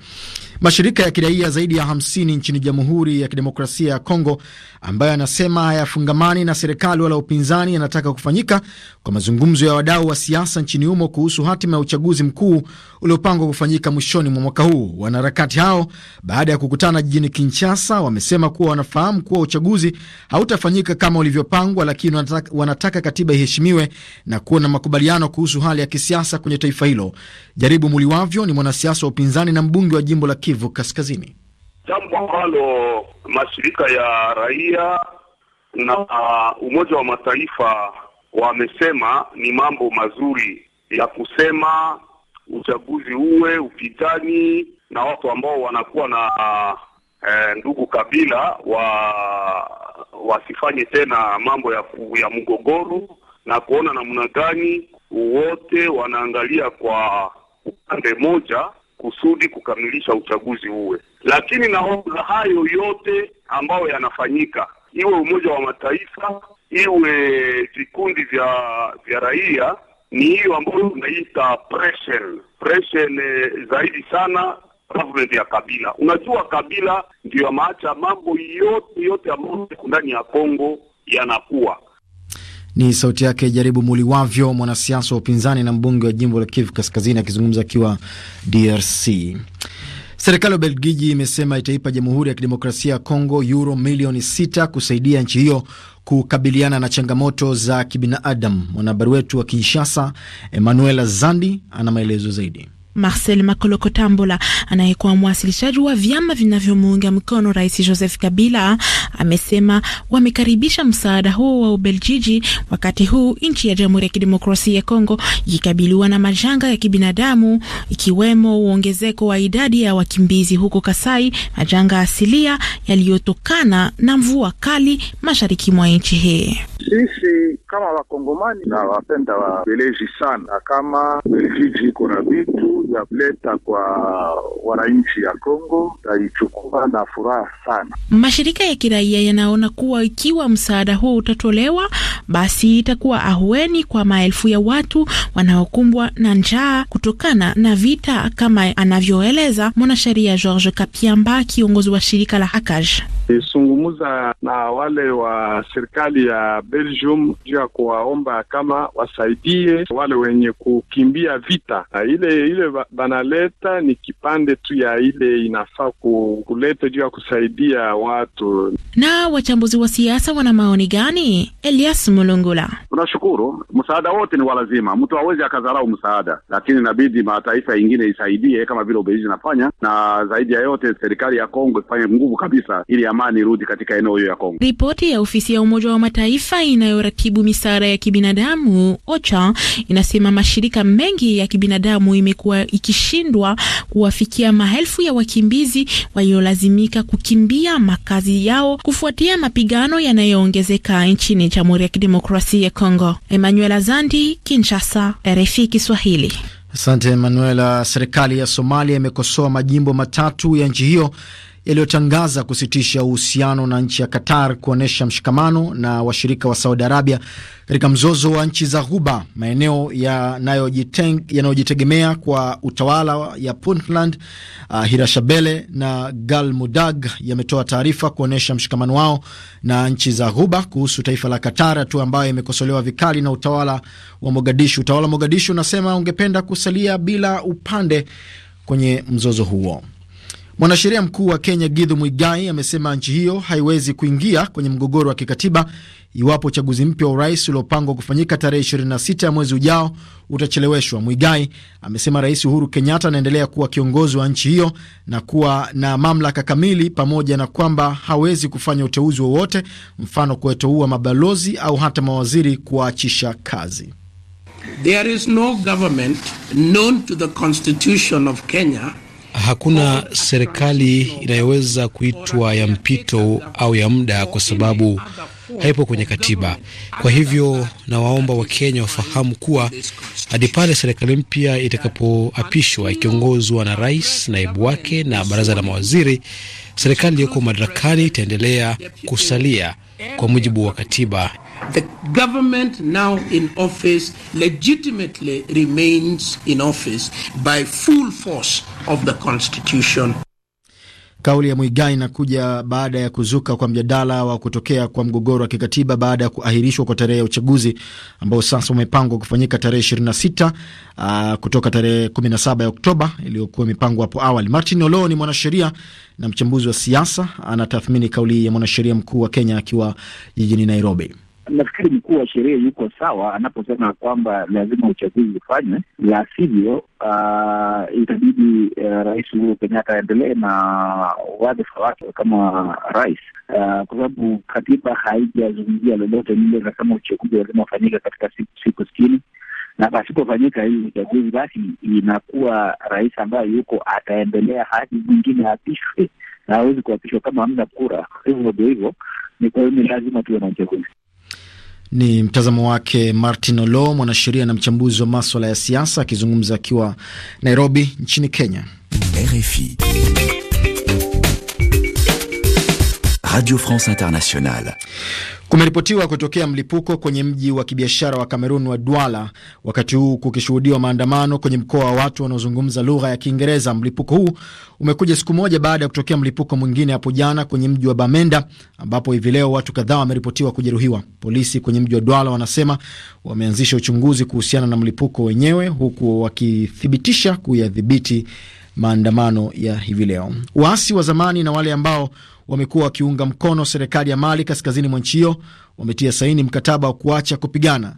Mashirika ya kiraia zaidi ya 50 nchini Jamhuri ya Kidemokrasia ya Kongo ambayo yanasema hayafungamani na serikali wala upinzani, yanataka kufanyika kwa mazungumzo ya wadau wa siasa nchini humo kuhusu hatima ya uchaguzi mkuu uliopangwa kufanyika mwishoni mwa mwaka huu. Wanaharakati hao baada ya kukutana jijini Kinshasa wamesema kuwa wanafahamu kuwa uchaguzi hautafanyika kama ulivyopangwa, lakini wanataka, wanataka katiba iheshimiwe na kuwa na makubaliano kuhusu hali ya kisiasa kwenye taifa hilo. Jaribu Muliwavyo ni mwanasiasa wa upinzani na mbunge wa jimbo la Kivu Kaskazini, jambo ambalo mashirika ya raia na uh, Umoja wa Mataifa wamesema ni mambo mazuri ya kusema uchaguzi uwe upitani na watu ambao wanakuwa na e, ndugu kabila wa wasifanye tena mambo ya, ya mgogoro na kuona namna gani wote wanaangalia kwa upande moja kusudi kukamilisha uchaguzi uwe. Lakini naomba hayo yote ambayo yanafanyika, iwe Umoja wa Mataifa, iwe vikundi vya vya raia, ni hiyo ambayo tunaita pressure pressure zaidi sana government ya Kabila. Unajua, Kabila ndio amaacha mambo yote yote ambayo ndani ya Kongo yanakuwa ni sauti yake Jaribu Muliwavyo, mwanasiasa wa upinzani na mbunge wa jimbo la Kivu Kaskazini, akizungumza akiwa DRC. Serikali ya belgiji imesema itaipa Jamhuri ya Kidemokrasia ya Kongo euro milioni sita kusaidia nchi hiyo kukabiliana na changamoto za kibinadamu. Mwanahabari wetu wa Kinshasa, emmanuel Zandi, ana maelezo zaidi. Marcel Makolokotambola anayekuwa mwasilishaji wa vyama vinavyomuunga mkono Rais Joseph Kabila amesema wamekaribisha msaada huo wa Ubeljiji wakati huu nchi ya Jamhuri ya Kidemokrasia ya Kongo ikikabiliwa na majanga ya kibinadamu ikiwemo uongezeko wa idadi ya wakimbizi huko Kasai, majanga asilia yaliyotokana na mvua kali mashariki mwa nchi hii. Sisi kama Wakongomani na wapenda Wabeleji sana na kama Beljiji iko na vitu ya kuleta kwa wananchi ya Kongo taichukua na furaha sana. Mashirika ya kiraia yanaona kuwa ikiwa msaada huo utatolewa, basi itakuwa ahueni kwa maelfu ya watu wanaokumbwa na njaa kutokana na vita, kama anavyoeleza mwanasheria George Kapiamba, kiongozi wa shirika la Akaj. Nizungumza na wale wa serikali ya Belgium juu ya kuwaomba kama wasaidie wale wenye kukimbia vita. Ile ile banaleta ni kipande tu ya ile inafaa kuleta juu ya kusaidia watu. Na wachambuzi wa siasa wana maoni gani? Elias Mulungula: tunashukuru msaada wote ni walazima, mtu awezi akadharau msaada, lakini inabidi mataifa ingine isaidie kama vile Ubelgiji inafanya, na zaidi ya yote serikali ya Kongo ifanye nguvu kabisa ili ya amani irudi katika eneo hiyo ya Kongo. Ripoti ya ofisi ya Umoja wa Mataifa inayoratibu misaada ya kibinadamu OCHA inasema mashirika mengi ya kibinadamu imekuwa ikishindwa kuwafikia maelfu ya wakimbizi waliolazimika kukimbia makazi yao kufuatia mapigano yanayoongezeka nchini Jamhuri ya Kidemokrasia ya Kongo. Emmanuel Azandi, Kinshasa, RFI Kiswahili. Asante Emanuela. Serikali ya Somalia imekosoa majimbo matatu ya nchi hiyo yaliyotangaza kusitisha uhusiano na nchi ya Qatar kuonyesha mshikamano na washirika wa Saudi Arabia katika mzozo wa nchi za Ghuba, maeneo yanayojitegemea kwa utawala ya Puntland. Uh, ah, Hirashabele na Galmudag yametoa taarifa kuonyesha mshikamano wao na nchi za Ghuba kuhusu taifa la Qatar, hatua ambayo imekosolewa vikali na utawala wa Mogadishu. Utawala wa Mogadishu unasema ungependa kusalia bila upande kwenye mzozo huo. Mwanasheria mkuu wa Kenya Githu mwigai amesema nchi hiyo haiwezi kuingia kwenye mgogoro wa kikatiba iwapo uchaguzi mpya wa urais uliopangwa kufanyika tarehe 26 ya mwezi ujao utacheleweshwa. mwigai amesema Rais Uhuru Kenyatta anaendelea kuwa kiongozi wa nchi hiyo na kuwa na mamlaka kamili, pamoja na kwamba hawezi kufanya uteuzi wowote, mfano kuwateua mabalozi au hata mawaziri kuwaachisha kazi. There is no government known to the constitution of Kenya Hakuna serikali inayoweza kuitwa ya mpito au ya muda, kwa sababu haipo kwenye katiba. Kwa hivyo nawaomba Wakenya wafahamu kuwa hadi pale serikali mpya itakapoapishwa ikiongozwa na rais, naibu wake na baraza la mawaziri, serikali iliyoko madarakani itaendelea kusalia kwa mujibu wa katiba. The government now in office legitimately remains in office by full force of the constitution. Kauli ya Mwigai inakuja baada ya kuzuka kwa mjadala wa kutokea kwa mgogoro wa kikatiba baada ya kuahirishwa kwa tarehe ya uchaguzi ambao sasa umepangwa kufanyika tarehe 26 ah, kutoka tarehe 17 ya Oktoba iliyokuwa imepangwa hapo awali. Martin olo ni mwanasheria na mchambuzi wa siasa, anatathmini kauli ya mwanasheria mkuu wa Kenya akiwa jijini Nairobi nafikiri mkuu wa sheria yuko sawa anaposema kwamba lazima uchaguzi ufanywe, la sivyo uh, itabidi uh, Rais Uhuru Kenyatta aendelee na wadhifa wake kama rais uh, kwa sababu katiba haijazungumzia lolote lile, nasema uchaguzi lazima ufanyike katika siku, siku sitini na pasipofanyika hii uchaguzi, basi inakuwa rais ambaye yuko ataendelea hadi mwingine apishwe, na hawezi kuapishwa kama hamna kura. Hivyo ndio hivyo, ni kwa hiyo ni lazima tuwe na uchaguzi. Ni mtazamo wake Martin Olo, mwanasheria na mchambuzi wa maswala ya siasa, akizungumza akiwa Nairobi nchini Kenya. RFI. Radio France Internationale. Kumeripotiwa kutokea mlipuko kwenye mji wa kibiashara wa Kamerun wa Douala, wakati huu kukishuhudiwa maandamano kwenye mkoa wa watu wanaozungumza lugha ya Kiingereza. Mlipuko huu umekuja siku moja baada ya kutokea mlipuko mwingine hapo jana kwenye mji wa Bamenda, ambapo hivi leo watu kadhaa wameripotiwa kujeruhiwa. Polisi kwenye mji wa Douala wanasema wameanzisha uchunguzi kuhusiana na mlipuko wenyewe, huku wakithibitisha kuyadhibiti maandamano ya hivi leo. Waasi wa zamani na wale ambao wamekuwa wakiunga mkono serikali ya Mali kaskazini mwa nchi hiyo wametia saini mkataba wa kuacha kupigana.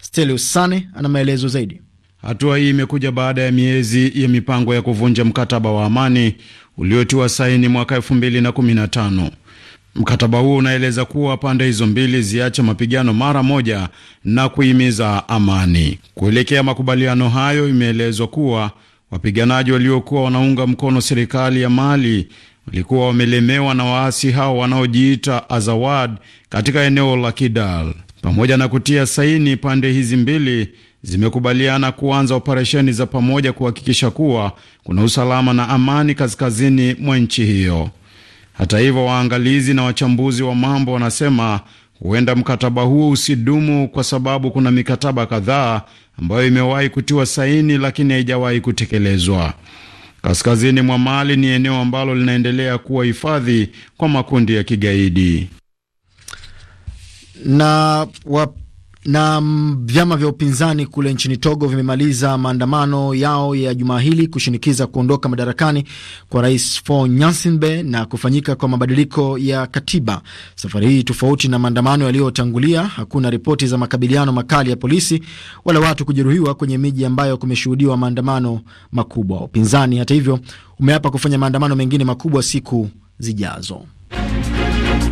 Stelius Sane ana maelezo zaidi. Hatua hii imekuja baada ya miezi ya mipango ya kuvunja mkataba wa amani uliotiwa saini mwaka 2015. Mkataba huo unaeleza kuwa pande hizo mbili ziache mapigano mara moja na kuhimiza amani. Kuelekea makubaliano hayo, imeelezwa kuwa wapiganaji waliokuwa wanaunga mkono serikali ya Mali walikuwa wamelemewa na waasi hao wanaojiita Azawad katika eneo la Kidal. Pamoja na kutia saini, pande hizi mbili zimekubaliana kuanza operesheni za pamoja kuhakikisha kuwa kuna usalama na amani kaskazini mwa nchi hiyo. Hata hivyo, waangalizi na wachambuzi wa mambo wanasema huenda mkataba huo usidumu kwa sababu kuna mikataba kadhaa ambayo imewahi kutiwa saini lakini haijawahi kutekelezwa. Kaskazini mwa Mali ni eneo ambalo linaendelea kuwa hifadhi kwa makundi ya kigaidi na wap na mm, vyama vya upinzani kule nchini Togo vimemaliza maandamano yao ya jumaa hili kushinikiza kuondoka madarakani kwa rais Faure Gnassingbe na kufanyika kwa mabadiliko ya katiba. Safari hii tofauti na maandamano yaliyotangulia, hakuna ripoti za makabiliano makali ya polisi wala watu kujeruhiwa kwenye miji ambayo kumeshuhudiwa maandamano makubwa. Upinzani hata hivyo umeapa kufanya maandamano mengine makubwa siku zijazo.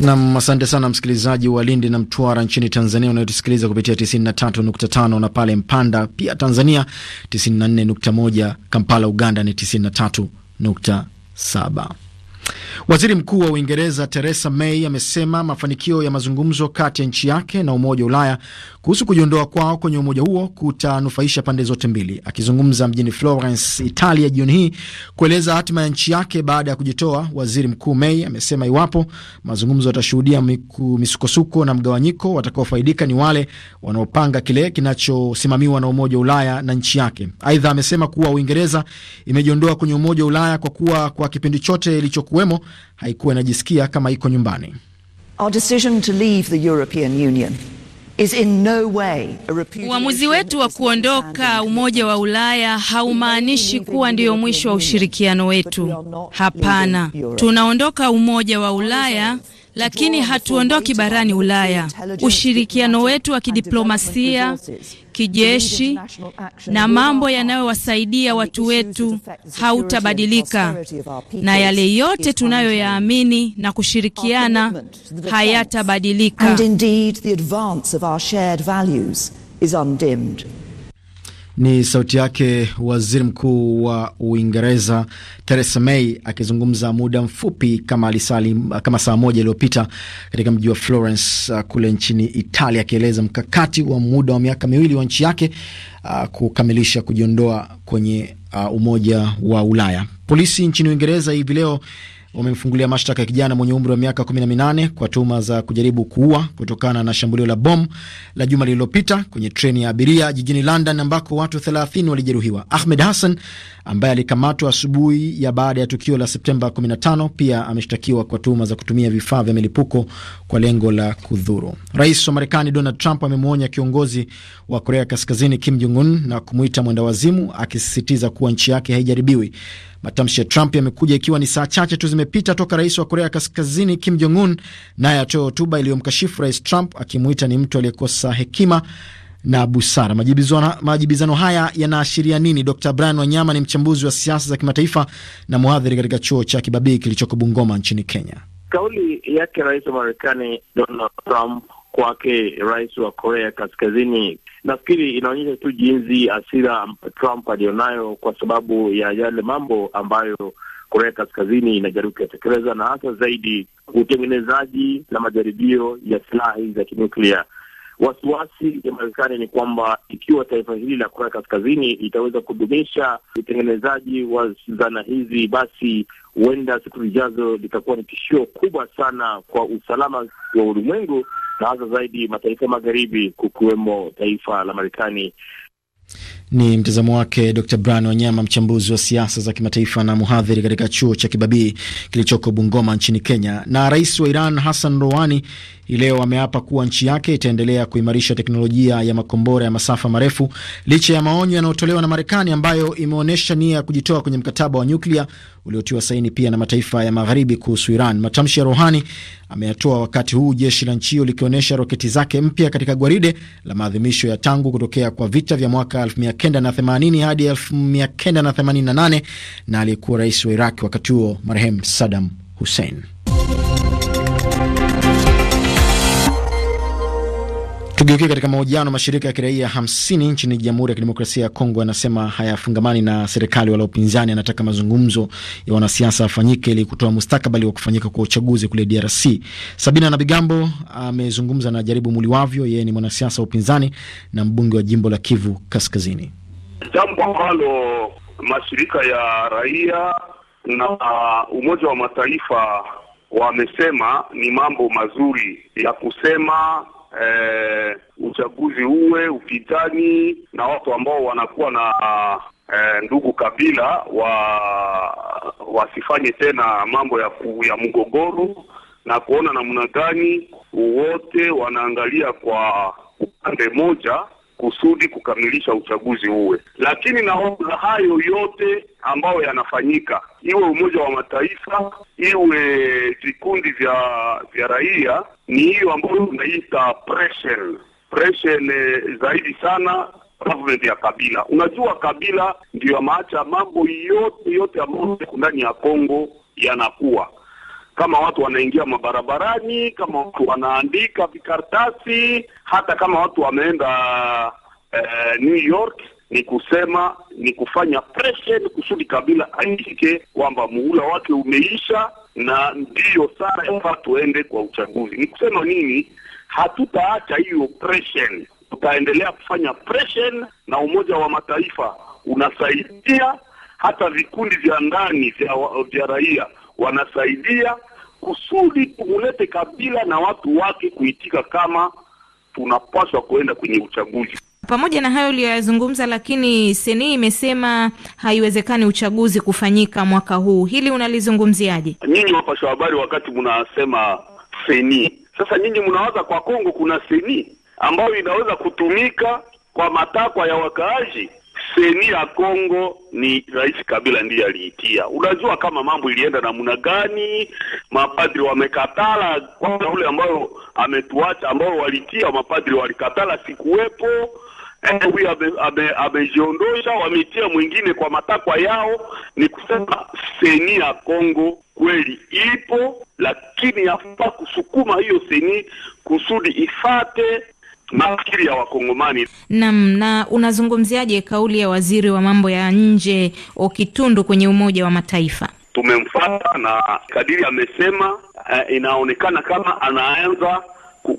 Nam, asante sana msikilizaji wa Lindi na Mtwara nchini Tanzania unayotusikiliza kupitia 93.5 na pale Mpanda pia Tanzania 94.1, Kampala Uganda ni 93.7. Waziri Mkuu wa Uingereza Theresa May amesema mafanikio ya mazungumzo kati ya nchi yake na Umoja wa Ulaya kuhusu kujiondoa kwao kwenye umoja huo kutanufaisha pande zote mbili. Akizungumza mjini Florence, Italia, jioni hii kueleza hatima ya nchi yake baada ya kujitoa, waziri mkuu May amesema iwapo mazungumzo yatashuhudia misukosuko na mgawanyiko, watakaofaidika ni wale wanaopanga kile kinachosimamiwa na Umoja wa Ulaya na nchi yake. Aidha amesema kuwa Uingereza imejiondoa kwenye Umoja wa Ulaya kwa kuwa kwa kipindi chote ilichokuwa akiwemo, haikuwa inajisikia kama iko nyumbani. Uamuzi no wetu wa kuondoka Umoja wa Ulaya haumaanishi kuwa ndiyo mwisho wa ushirikiano wetu. Hapana, tunaondoka Umoja wa Ulaya lakini hatuondoki barani Ulaya. Ushirikiano wetu wa kidiplomasia, kijeshi na mambo yanayowasaidia watu wetu hautabadilika, na yale yote tunayoyaamini na kushirikiana hayatabadilika. Ni sauti yake waziri mkuu wa Uingereza Theresa May akizungumza muda mfupi kama alisali, kama saa moja iliyopita katika mji wa Florence uh, kule nchini Italia, akieleza mkakati wa muda wa miaka miwili wa nchi yake uh, kukamilisha kujiondoa kwenye uh, Umoja wa Ulaya. Polisi nchini Uingereza hivi leo wamemfungulia mashtaka ya kijana mwenye umri wa miaka 18 kwa tuhuma za kujaribu kuua kutokana na shambulio la bomu la juma lililopita kwenye treni ya abiria jijini London ambako watu 30 walijeruhiwa. Ahmed Hassan ambaye alikamatwa asubuhi ya baada ya tukio la Septemba 15 pia ameshtakiwa kwa tuhuma za kutumia vifaa vya milipuko kwa lengo la kudhuru. Rais wa Marekani Donald Trump amemwonya kiongozi wa Korea Kaskazini Kim Jong Un na kumwita mwendawazimu, akisisitiza kuwa nchi yake haijaribiwi. Matamshi ya Trump yamekuja ikiwa ni saa chache tu zimepita toka rais wa Korea Kaskazini Kim Jong Un naye atoe hotuba iliyomkashifu rais Trump akimuita ni mtu aliyekosa hekima na busara. Majibizano haya yanaashiria nini? Dr Brian Wanyama ni mchambuzi wa siasa za kimataifa na mhadhiri katika chuo cha Kibabii kilichoko Bungoma nchini Kenya. Kauli yake rais wa Marekani Donald Trump kwake rais wa Korea Kaskazini. Nafikiri inaonyesha tu jinsi hasira Trump aliyonayo kwa sababu ya yale mambo ambayo Korea Kaskazini inajaribu kuyatekeleza na hasa zaidi utengenezaji na majaribio ya silahi za kinuklia. Wasiwasi ya Marekani ni kwamba ikiwa taifa hili la Korea Kaskazini itaweza kudumisha utengenezaji wa zana hizi, basi huenda siku zijazo litakuwa ni tishio kubwa sana kwa usalama wa ulimwengu na hasa zaidi mataifa magharibi kukiwemo taifa la Marekani. Ni mtazamo wake Dr Brian Wanyama, mchambuzi wa siasa za kimataifa na mhadhiri katika chuo cha Kibabii kilichoko Bungoma nchini Kenya. Na rais wa Iran Hassan Rouhani hii leo ameapa kuwa nchi yake itaendelea kuimarisha teknolojia ya makombora ya masafa marefu licha ya maonyo yanayotolewa na Marekani ambayo imeonyesha nia ya kujitoa kwenye mkataba wa nyuklia uliotiwa saini pia na mataifa ya magharibi kuhusu Iran. Matamshi ya Rohani ameyatoa wakati huu jeshi la nchi hiyo likionyesha roketi zake mpya katika gwaride la maadhimisho ya tangu kutokea kwa vita vya mwaka 1980 hadi 1988 na aliyekuwa rais wa Iraq wakati huo marehemu Saddam Hussein. Tugeukie katika mahojiano. Mashirika ya kiraia hamsini nchini Jamhuri ya Kidemokrasia ya Kongo yanasema hayafungamani na serikali wala upinzani. Anataka mazungumzo ya wanasiasa afanyike ili kutoa mustakabali wa kufanyika kwa uchaguzi kule DRC. Sabina Nabigambo amezungumza na Jaribu Muliwavyo, yeye ni mwanasiasa wa upinzani na mbunge wa jimbo la Kivu Kaskazini. Jambo ambalo mashirika ya raia na Umoja wa Mataifa wamesema ni mambo mazuri ya kusema eh, uchaguzi uwe upitani na watu ambao wanakuwa na eh, ndugu kabila wa wasifanye tena mambo ya, ku, ya mgogoro na kuona namna gani wote wanaangalia kwa upande moja kusudi kukamilisha uchaguzi uwe. Lakini naomba hayo yote ambayo yanafanyika, iwe Umoja wa Mataifa, iwe vikundi vya vya raia, ni hiyo ambayo tunaita pressure pressure zaidi sana government ya Kabila. Unajua, Kabila ndiyo amaacha mambo yote yote ambayo ndani ya Kongo yanakuwa kama watu wanaingia mabarabarani, kama watu wanaandika vikartasi, hata kama watu wameenda uh, New York ni kusema ni kufanya pressure kusudi Kabila aishike kwamba muhula wake umeisha, na ndiyo sara yafaa tuende kwa uchaguzi. Ni kusema nini? Hatutaacha hiyo pressure, tutaendelea kufanya pressure, na Umoja wa Mataifa unasaidia, hata vikundi vya ndani vya raia wanasaidia kusudi tumulete Kabila na watu wake kuitika kama tunapaswa kuenda kwenye uchaguzi. Pamoja na hayo uliyoyazungumza, lakini seni imesema haiwezekani uchaguzi kufanyika mwaka huu. Hili unalizungumziaje nyinyi wapasha habari, wakati mnasema seni? Sasa nyinyi mnawaza kwa Kongo kuna seni ambayo inaweza kutumika kwa matakwa ya wakaaji? seni ya Kongo ni Rais Kabila ndiye aliitia. Unajua kama mambo ilienda namna gani, mapadri wamekatala kwanza, ule ambayo ametuacha ambao walitia mapadri walikatala, sikuwepo eh, huyu amejiondosha, wametia mwingine kwa matakwa yao. Ni kusema seni ya Kongo kweli ipo, lakini yafaa kusukuma hiyo seni kusudi ifate mafikiri ya Wakongomani. Naam. Na unazungumziaje kauli ya waziri wa mambo ya nje Okitundu kwenye Umoja wa Mataifa? tumemfata na kadiri amesema, eh, inaonekana kama anaanza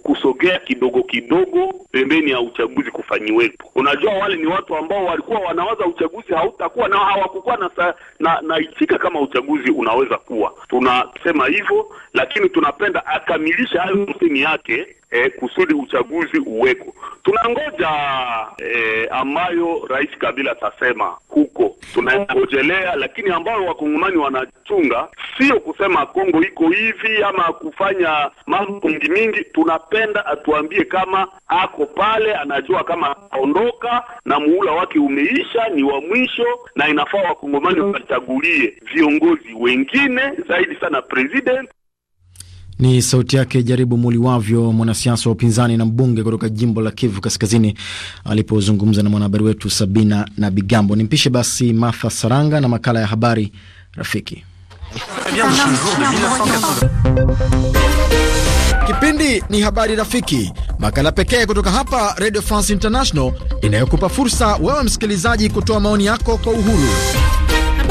kusogea kidogo kidogo pembeni ya uchaguzi kufanyiwepo. Unajua, wale ni watu ambao walikuwa wanawaza uchaguzi hautakuwa na hawakukuwa na, na, na itika kama uchaguzi unaweza kuwa. Tunasema hivyo, lakini tunapenda akamilishe hayo msemi yake eh, kusudi uchaguzi uweko. Tunangoja eh, ambayo Rais Kabila atasema huko, tunangojelea, lakini ambayo wakongomani wanachunga, sio kusema Kongo iko hivi ama kufanya mambo mingi mingi. Tunapenda atuambie kama ako pale, anajua kama aondoka na muhula wake umeisha, ni wa mwisho, na inafaa wakongomani wachagulie viongozi wengine zaidi sana president ni sauti yake Jaribu Muliwavyo, mwanasiasa wa upinzani na mbunge kutoka jimbo la Kivu Kaskazini, alipozungumza na mwanahabari wetu Sabina na Bigambo. Ni mpishe basi Martha Saranga na makala ya habari rafiki. Kipindi ni habari rafiki, makala pekee kutoka hapa Radio France International inayokupa fursa wewe msikilizaji kutoa maoni yako kwa uhuru.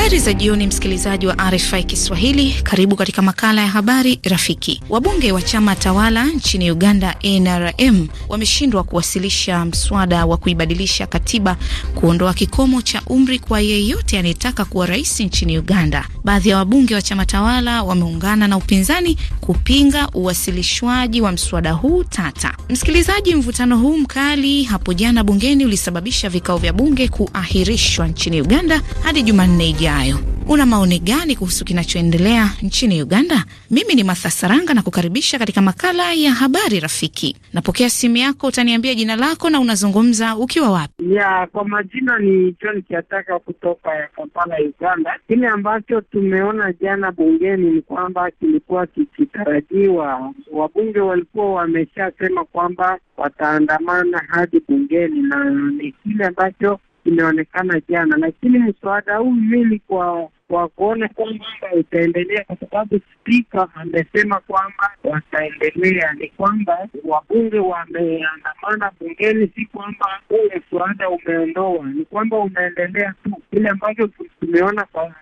Habari za jioni, msikilizaji wa RFI Kiswahili. Karibu katika makala ya habari rafiki. Wabunge wa chama tawala nchini Uganda, NRM, wameshindwa kuwasilisha mswada wa kuibadilisha katiba kuondoa kikomo cha umri kwa yeyote anayetaka kuwa rais nchini Uganda. Baadhi ya wabunge wa chama tawala wameungana na upinzani kupinga uwasilishwaji wa mswada huu tata. Msikilizaji, mvutano huu mkali hapo jana bungeni ulisababisha vikao vya bunge kuahirishwa nchini Uganda hadi Jumanne ijayo yajayo. Una maoni gani kuhusu kinachoendelea nchini Uganda? Mimi ni Martha Saranga na kukaribisha katika makala ya habari rafiki. Napokea simu yako, utaniambia jina lako na unazungumza ukiwa wapi? Ya, kwa majina ni John Kiataka kutoka ya Kampala, Uganda. Kile ambacho tumeona jana bungeni ni kwamba kilikuwa kikitarajiwa. Wabunge walikuwa wameshasema kwamba wataandamana hadi bungeni, na ni kile ambacho imeonekana jana, lakini mswada huu mili kwa kwa kuona kwamba utaendelea, kwa sababu spika amesema kwamba wataendelea. Ni kwamba wabunge wameandamana bungeni, si kwamba huu mswada umeondoa, ni kwamba unaendelea tu. Kile ambacho tumeona kwa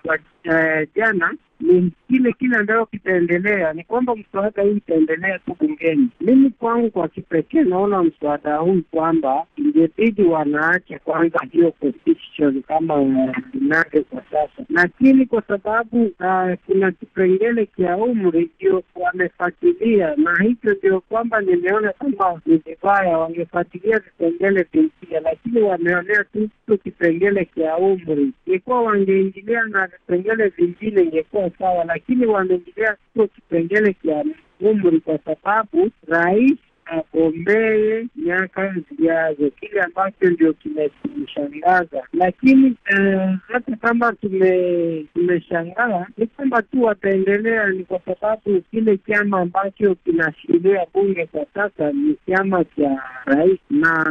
eh, jana ni kile kile ambayo kitaendelea, ni kwamba mswada huu itaendelea tu bungeni. Mimi kwangu kwa kipekee naona mswada huu kwamba ingebidi wanaache kwanza hiyo competition kama inavyo kwa sasa, lakini kwa sababu uh, kuna kipengele cha umri ndio wamefuatilia, na hivyo ndio kwamba nimeona kama ni vibaya, wangefuatilia vipengele moja, lakini wameonea tu tu kipengele cha umri. Ingekuwa wangeingilia na vipengele vingine ingekuwa sawa, lakini wameingilia tu kipengele cha umri kwa sababu rais agombee miaka zijazo, kile ambacho ndio kimeshangaza. Lakini uh, hata kama tumeshangaa ni kwamba tu wataendelea, ni kwa sababu kile chama ambacho kinashikilia bunge kwa sasa ni chama cha rais na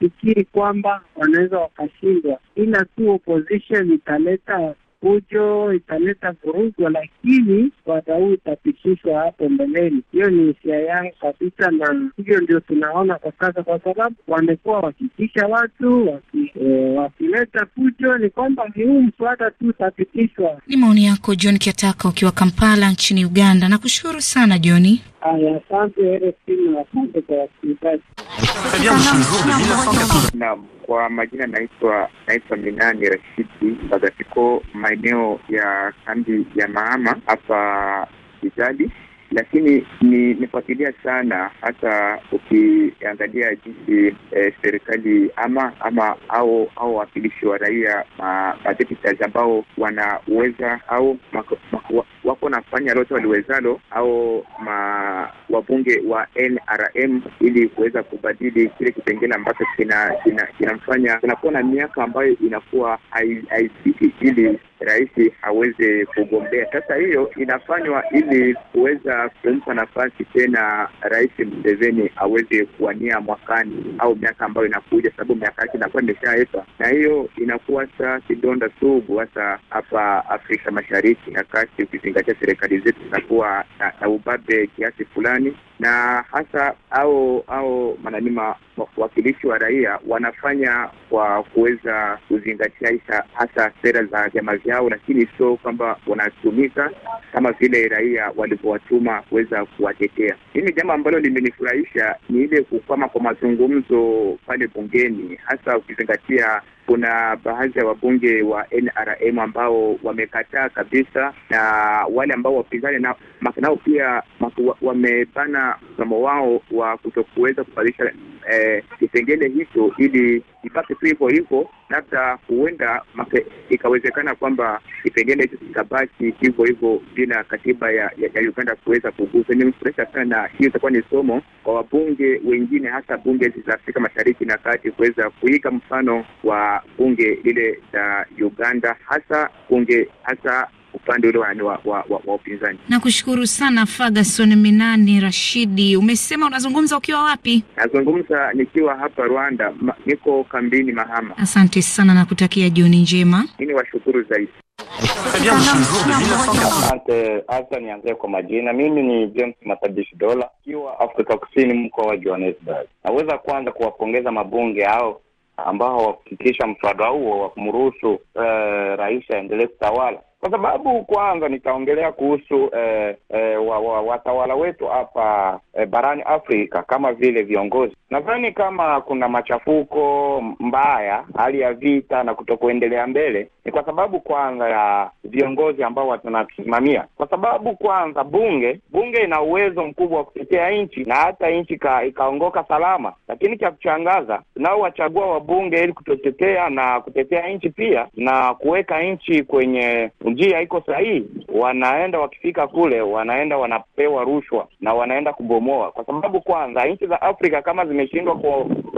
Fikiri kwamba wanaweza wakashindwa, ila tu opposition italeta fujo, italeta vurugu, lakini huu itapitishwa hapo mbeleni. Hiyo ni hisia yangu kabisa, na hivyo ndio tunaona kwa sasa, kwa sababu wamekuwa wakitisha watu waki, e, wakileta fujo. Ni kwamba ni huu mswada tu utapitishwa. Ni maoni yako John Kiataka ukiwa Kampala nchini Uganda. Nakushukuru sana John. Asante kwa wasikilizaji. Kwa majina naitwa naitwa Minani Rashidi Bagatiko, maeneo ya kambi ya Mahama hapa Itali lakini nimefuatilia sana, hata ukiangalia jinsi e, serikali ama ama au au wawakilishi wa raia madeputas ambao wanaweza au mako, mako, wako nafanya lote waliwezalo au ma, wabunge wa NRM ili kuweza kubadili kile kipengele ambacho kinamfanya kina, kina kunakuwa na miaka ambayo inakuwa haizidi ili rais aweze kugombea. Sasa hiyo inafanywa ili kuweza kumpa nafasi tena Rais mseveni aweze kuwania mwakani au miaka ambayo inakuja, sababu miaka yake inakuwa imeshaepa, na hiyo inakuwa sa kidonda sugu hasa hapa Afrika Mashariki na Kati, ukizingatia serikali zetu zinakuwa na, na ubabe kiasi fulani na hasa au au mananima wawakilishi wa raia wanafanya kwa kuweza kuzingatia hasa sera za vyama vyao, lakini sio kwamba wanatumika kama vile raia walivyowatuma kuweza kuwatetea. Hili jambo ambalo limenifurahisha ni ile kukwama kwa mazungumzo pale bungeni, hasa ukizingatia kuna baadhi ya wabunge wa NRM ambao wamekataa kabisa, na wale ambao wapinzani na nao pia wamebana msimamo wao wa kutokuweza kubadilisha eh, kipengele hicho ili ibaki tu hivyo hivyo labda huenda ikawezekana kwamba kipengele kitabaki hivyo hivyo bila katiba ya, ya, ya Uganda kuweza kuguswa. Nimefurahisha sana, hiyo itakuwa ni somo kwa wabunge wengine, hasa bunge za Afrika Mashariki na Kati kuweza kuiga mfano wa bunge lile la Uganda, hasa bunge hasa upande ule wa, wa, wa, wa upinzani. Nakushukuru sana Ferguson Minani Rashidi. Umesema unazungumza ukiwa wapi? Nazungumza nikiwa hapa Rwanda, niko kambini Mahama. Asante sana na kutakia jioni njema. Mimi washukuru zaidi. Asante. asa nianzie kwa majina, mimi ni James Matabishi Dola, ikiwa Afrika Kusini, mkoa wa Johannesburg. Naweza kwanza kuwapongeza mabunge hao ambao wafikisha mswada huo wa kumruhusu uh, rais aendelee kutawala kwa sababu kwanza nitaongelea kuhusu eh, eh, wa, wa, watawala wetu hapa eh, barani Afrika kama vile viongozi. Nadhani kama kuna machafuko mbaya, hali ya vita na kutokuendelea mbele, ni kwa sababu kwanza ya viongozi ambao wanatusimamia, kwa sababu kwanza bunge bunge ina uwezo mkubwa wa kutetea nchi na hata nchi ikaongoka salama, lakini cha kuchangaza nao wachagua wabunge ili kutotetea na kutetea nchi pia na kuweka nchi kwenye njia iko sahihi. Wanaenda wakifika kule, wanaenda wanapewa rushwa na wanaenda kubomoa, kwa sababu kwanza nchi za Afrika kama zimeshindwa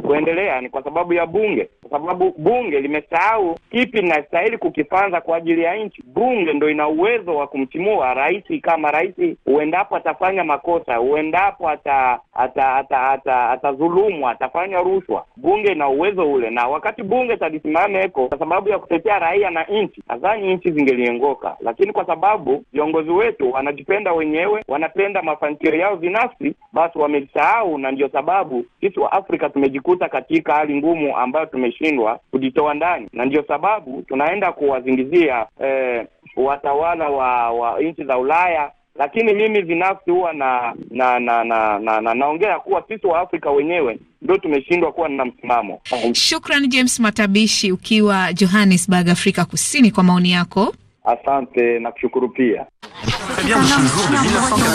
kuendelea ni kwa sababu ya bunge kwa sababu bunge limesahau kipi linastahili kukifanza kwa ajili ya nchi. Bunge ndo ina uwezo wa kumtimua rais kama rais, huendapo atafanya makosa, huendapo atazulumwa ata, ata, ata, ata atafanya rushwa. Bunge ina uwezo ule, na wakati bunge talisimame eko kwa sababu ya kutetea raia na nchi, nadhani nchi zingeliengoka, lakini kwa sababu viongozi wetu wanajipenda wenyewe, wanapenda mafanikio yao binafsi, basi wamesahau, na ndio sababu sisi wa Afrika tumejikuta katika hali ngumu ambayo tumesh wameshindwa kujitoa ndani, na ndio sababu tunaenda kuwazingizia eh, watawala wa, wa nchi za Ulaya lakini mimi binafsi huwa na na na na, na, na naongea kuwa sisi wa Afrika wenyewe ndio tumeshindwa kuwa na msimamo. Shukran James Matabishi ukiwa Johannesburg, Afrika Kusini, kwa maoni yako. Asante na kushukuru pia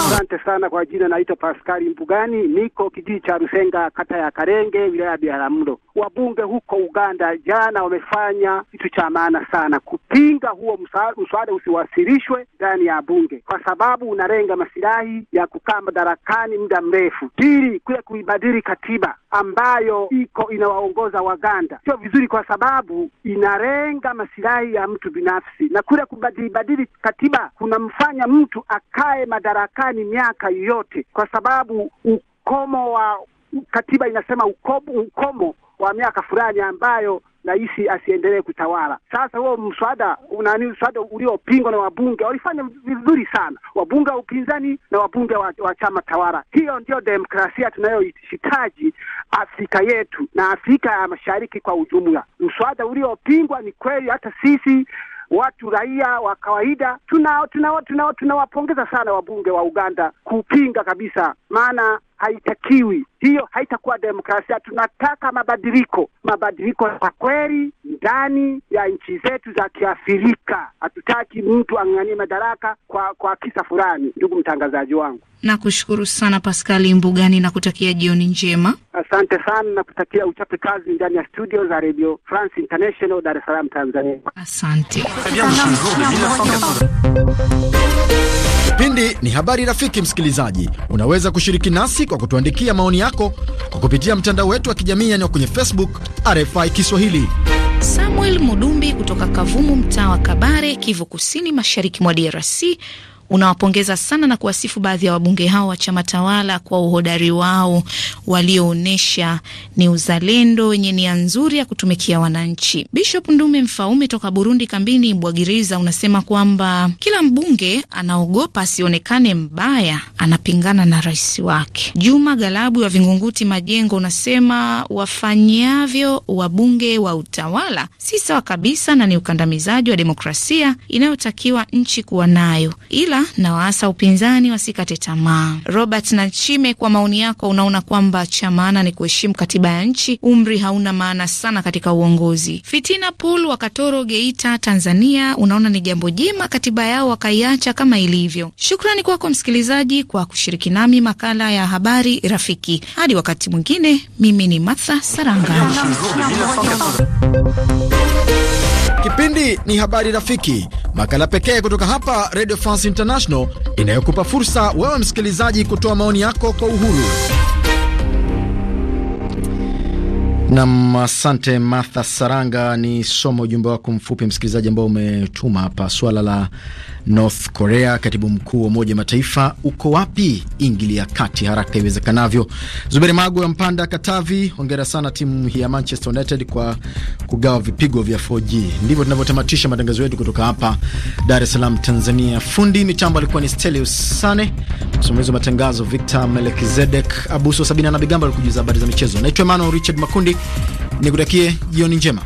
Asante sana kwa jina, naitwa Paskari Mbugani, niko kijiji cha Rusenga, kata ya Karenge, wilaya ya Biharamulo. Wabunge huko Uganda jana wamefanya kitu cha maana sana, kupinga huo mswada usiwasilishwe ndani ya bunge, kwa sababu unalenga masilahi ya kukaa madarakani muda mrefu. Pili, kuya kuibadili katiba ambayo iko inawaongoza Waganda sio vizuri, kwa sababu inalenga masilahi ya mtu binafsi, na kule kubadilibadili katiba kunamfanya mtu mtu akae madarakani miaka yote, kwa sababu ukomo wa katiba inasema ukomo, ukomo wa miaka fulani ambayo raisi asiendelee kutawala. Sasa huo mswada unani, mswada uliopingwa na wabunge walifanya vizuri sana, wabunge wa upinzani na wabunge wa, wa chama tawala. Hiyo ndiyo demokrasia tunayohitaji Afrika yetu na Afrika ya Mashariki kwa ujumla. Mswada uliopingwa ni kweli, hata sisi watu raia wa kawaida. Tunawapongeza tuna, tuna, tuna sana wabunge wa Uganda kupinga kabisa, maana haitakiwi hiyo, haitakuwa demokrasia. Tunataka mabadiliko, mabadiliko ya kweli ndani ya nchi zetu za Kiafrika. Hatutaki mtu angang'anie madaraka kwa kwa kisa fulani. Ndugu mtangazaji wangu Nakushukuru sana Paskali Mbugani na kutakia jioni njema. Asante sana na kutakia uchape kazi ndani ya studio za Radio France International, Dar es Salaam, Tanzania. Asante. Kipindi ni habari rafiki. Msikilizaji, unaweza kushiriki nasi kwa kutuandikia maoni yako kwa kupitia mtandao wetu wa kijamii yani kwenye Facebook RFI Kiswahili. Samuel Mudumbi kutoka Kavumu, mtaa wa Kabare, Kivu Kusini, mashariki mwa DRC unawapongeza sana na kuwasifu baadhi ya wabunge hao wa chama tawala kwa uhodari wao walioonyesha ni uzalendo wenye nia nzuri ya kutumikia wananchi. Bishop Ndume Mfaume toka Burundi, kambini Bwagiriza, unasema kwamba kila mbunge anaogopa asionekane mbaya, anapingana na rais wake. Juma Galabu wa Vingunguti Majengo unasema wafanyavyo wabunge wa utawala si sawa kabisa na ni ukandamizaji wa demokrasia inayotakiwa nchi kuwa nayo, ila na waasa upinzani wasikate tamaa. Robert Nachime, kwa maoni yako, unaona kwamba cha maana ni kuheshimu katiba ya nchi, umri hauna maana sana katika uongozi. Fitina Pul wa Katoro, Geita, Tanzania, unaona ni jambo jema katiba yao wakaiacha kama ilivyo. Shukrani kwako msikilizaji kwa kushiriki nami makala ya habari rafiki. Hadi wakati mwingine, mimi ni Martha Saranga. Kipindi ni Habari Rafiki, makala pekee kutoka hapa Radio France International inayokupa fursa wewe msikilizaji kutoa maoni yako kwa uhuru. Nam, asante Martha Saranga. Ni somo ujumbe wako mfupi msikilizaji, ambao umetuma hapa, swala la North Korea. Katibu mkuu wa Umoja Mataifa uko wapi? Ingilia kati haraka iwezekanavyo. Zuberi Magu ya Mpanda, Katavi, hongera sana timu ya Manchester United kwa kugawa vipigo vya 4G. Ndivyo tunavyotamatisha matangazo yetu kutoka hapa Dar es Salaam, Tanzania. Fundi mitambo alikuwa ni Stelius Sane, msimamizi wa matangazo Victor Melekizedek, Abuso Sabina na Bigamba alikujuza habari za michezo. Naitwa Emmanuel Richard Makundi, nikutakie jioni njema.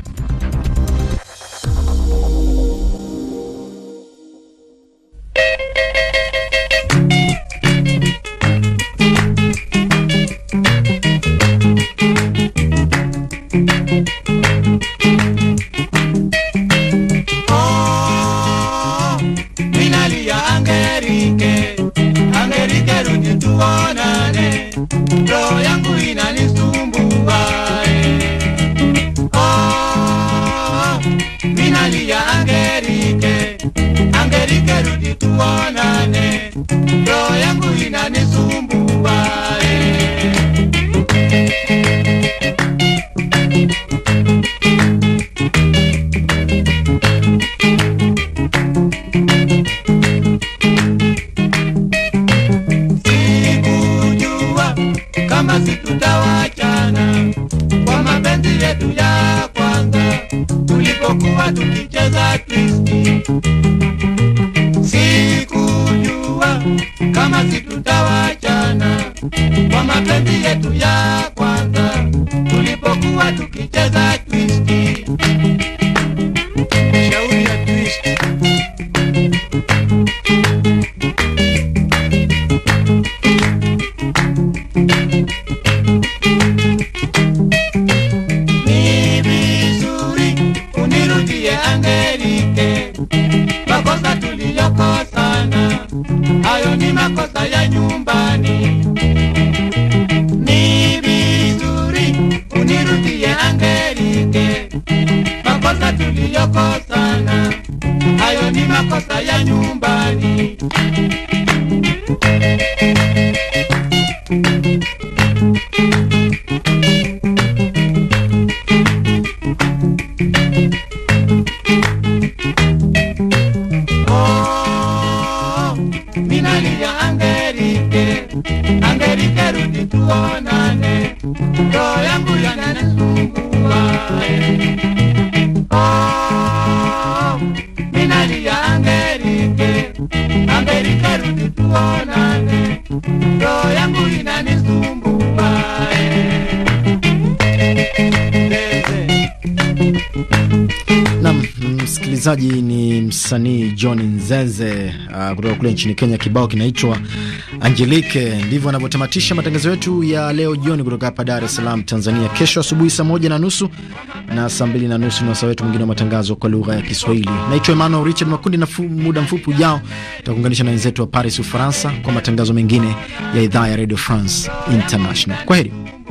sisi tutawachana kwa mapenzi yetu ya kwanza tulipokuwa tukicheza twisti msikilizaji, ni msanii John Nzenze uh, kutoka kule nchini Kenya. Kibao kinaitwa Angelique. Ndivyo anavyotamatisha matangazo yetu ya leo jioni kutoka hapa Dar es Salaam, Tanzania. Kesho asubuhi saa moja na nusu na saa mbili na nusu ni wasaa wetu mwingine wa matangazo kwa lugha ya Kiswahili. Naitwa Emmanuel Richard Makundi, na muda mfupi ujao tutakuunganisha na wenzetu wa Paris, Ufaransa, kwa matangazo mengine ya idhaa ya Radio France International. Kwa heri.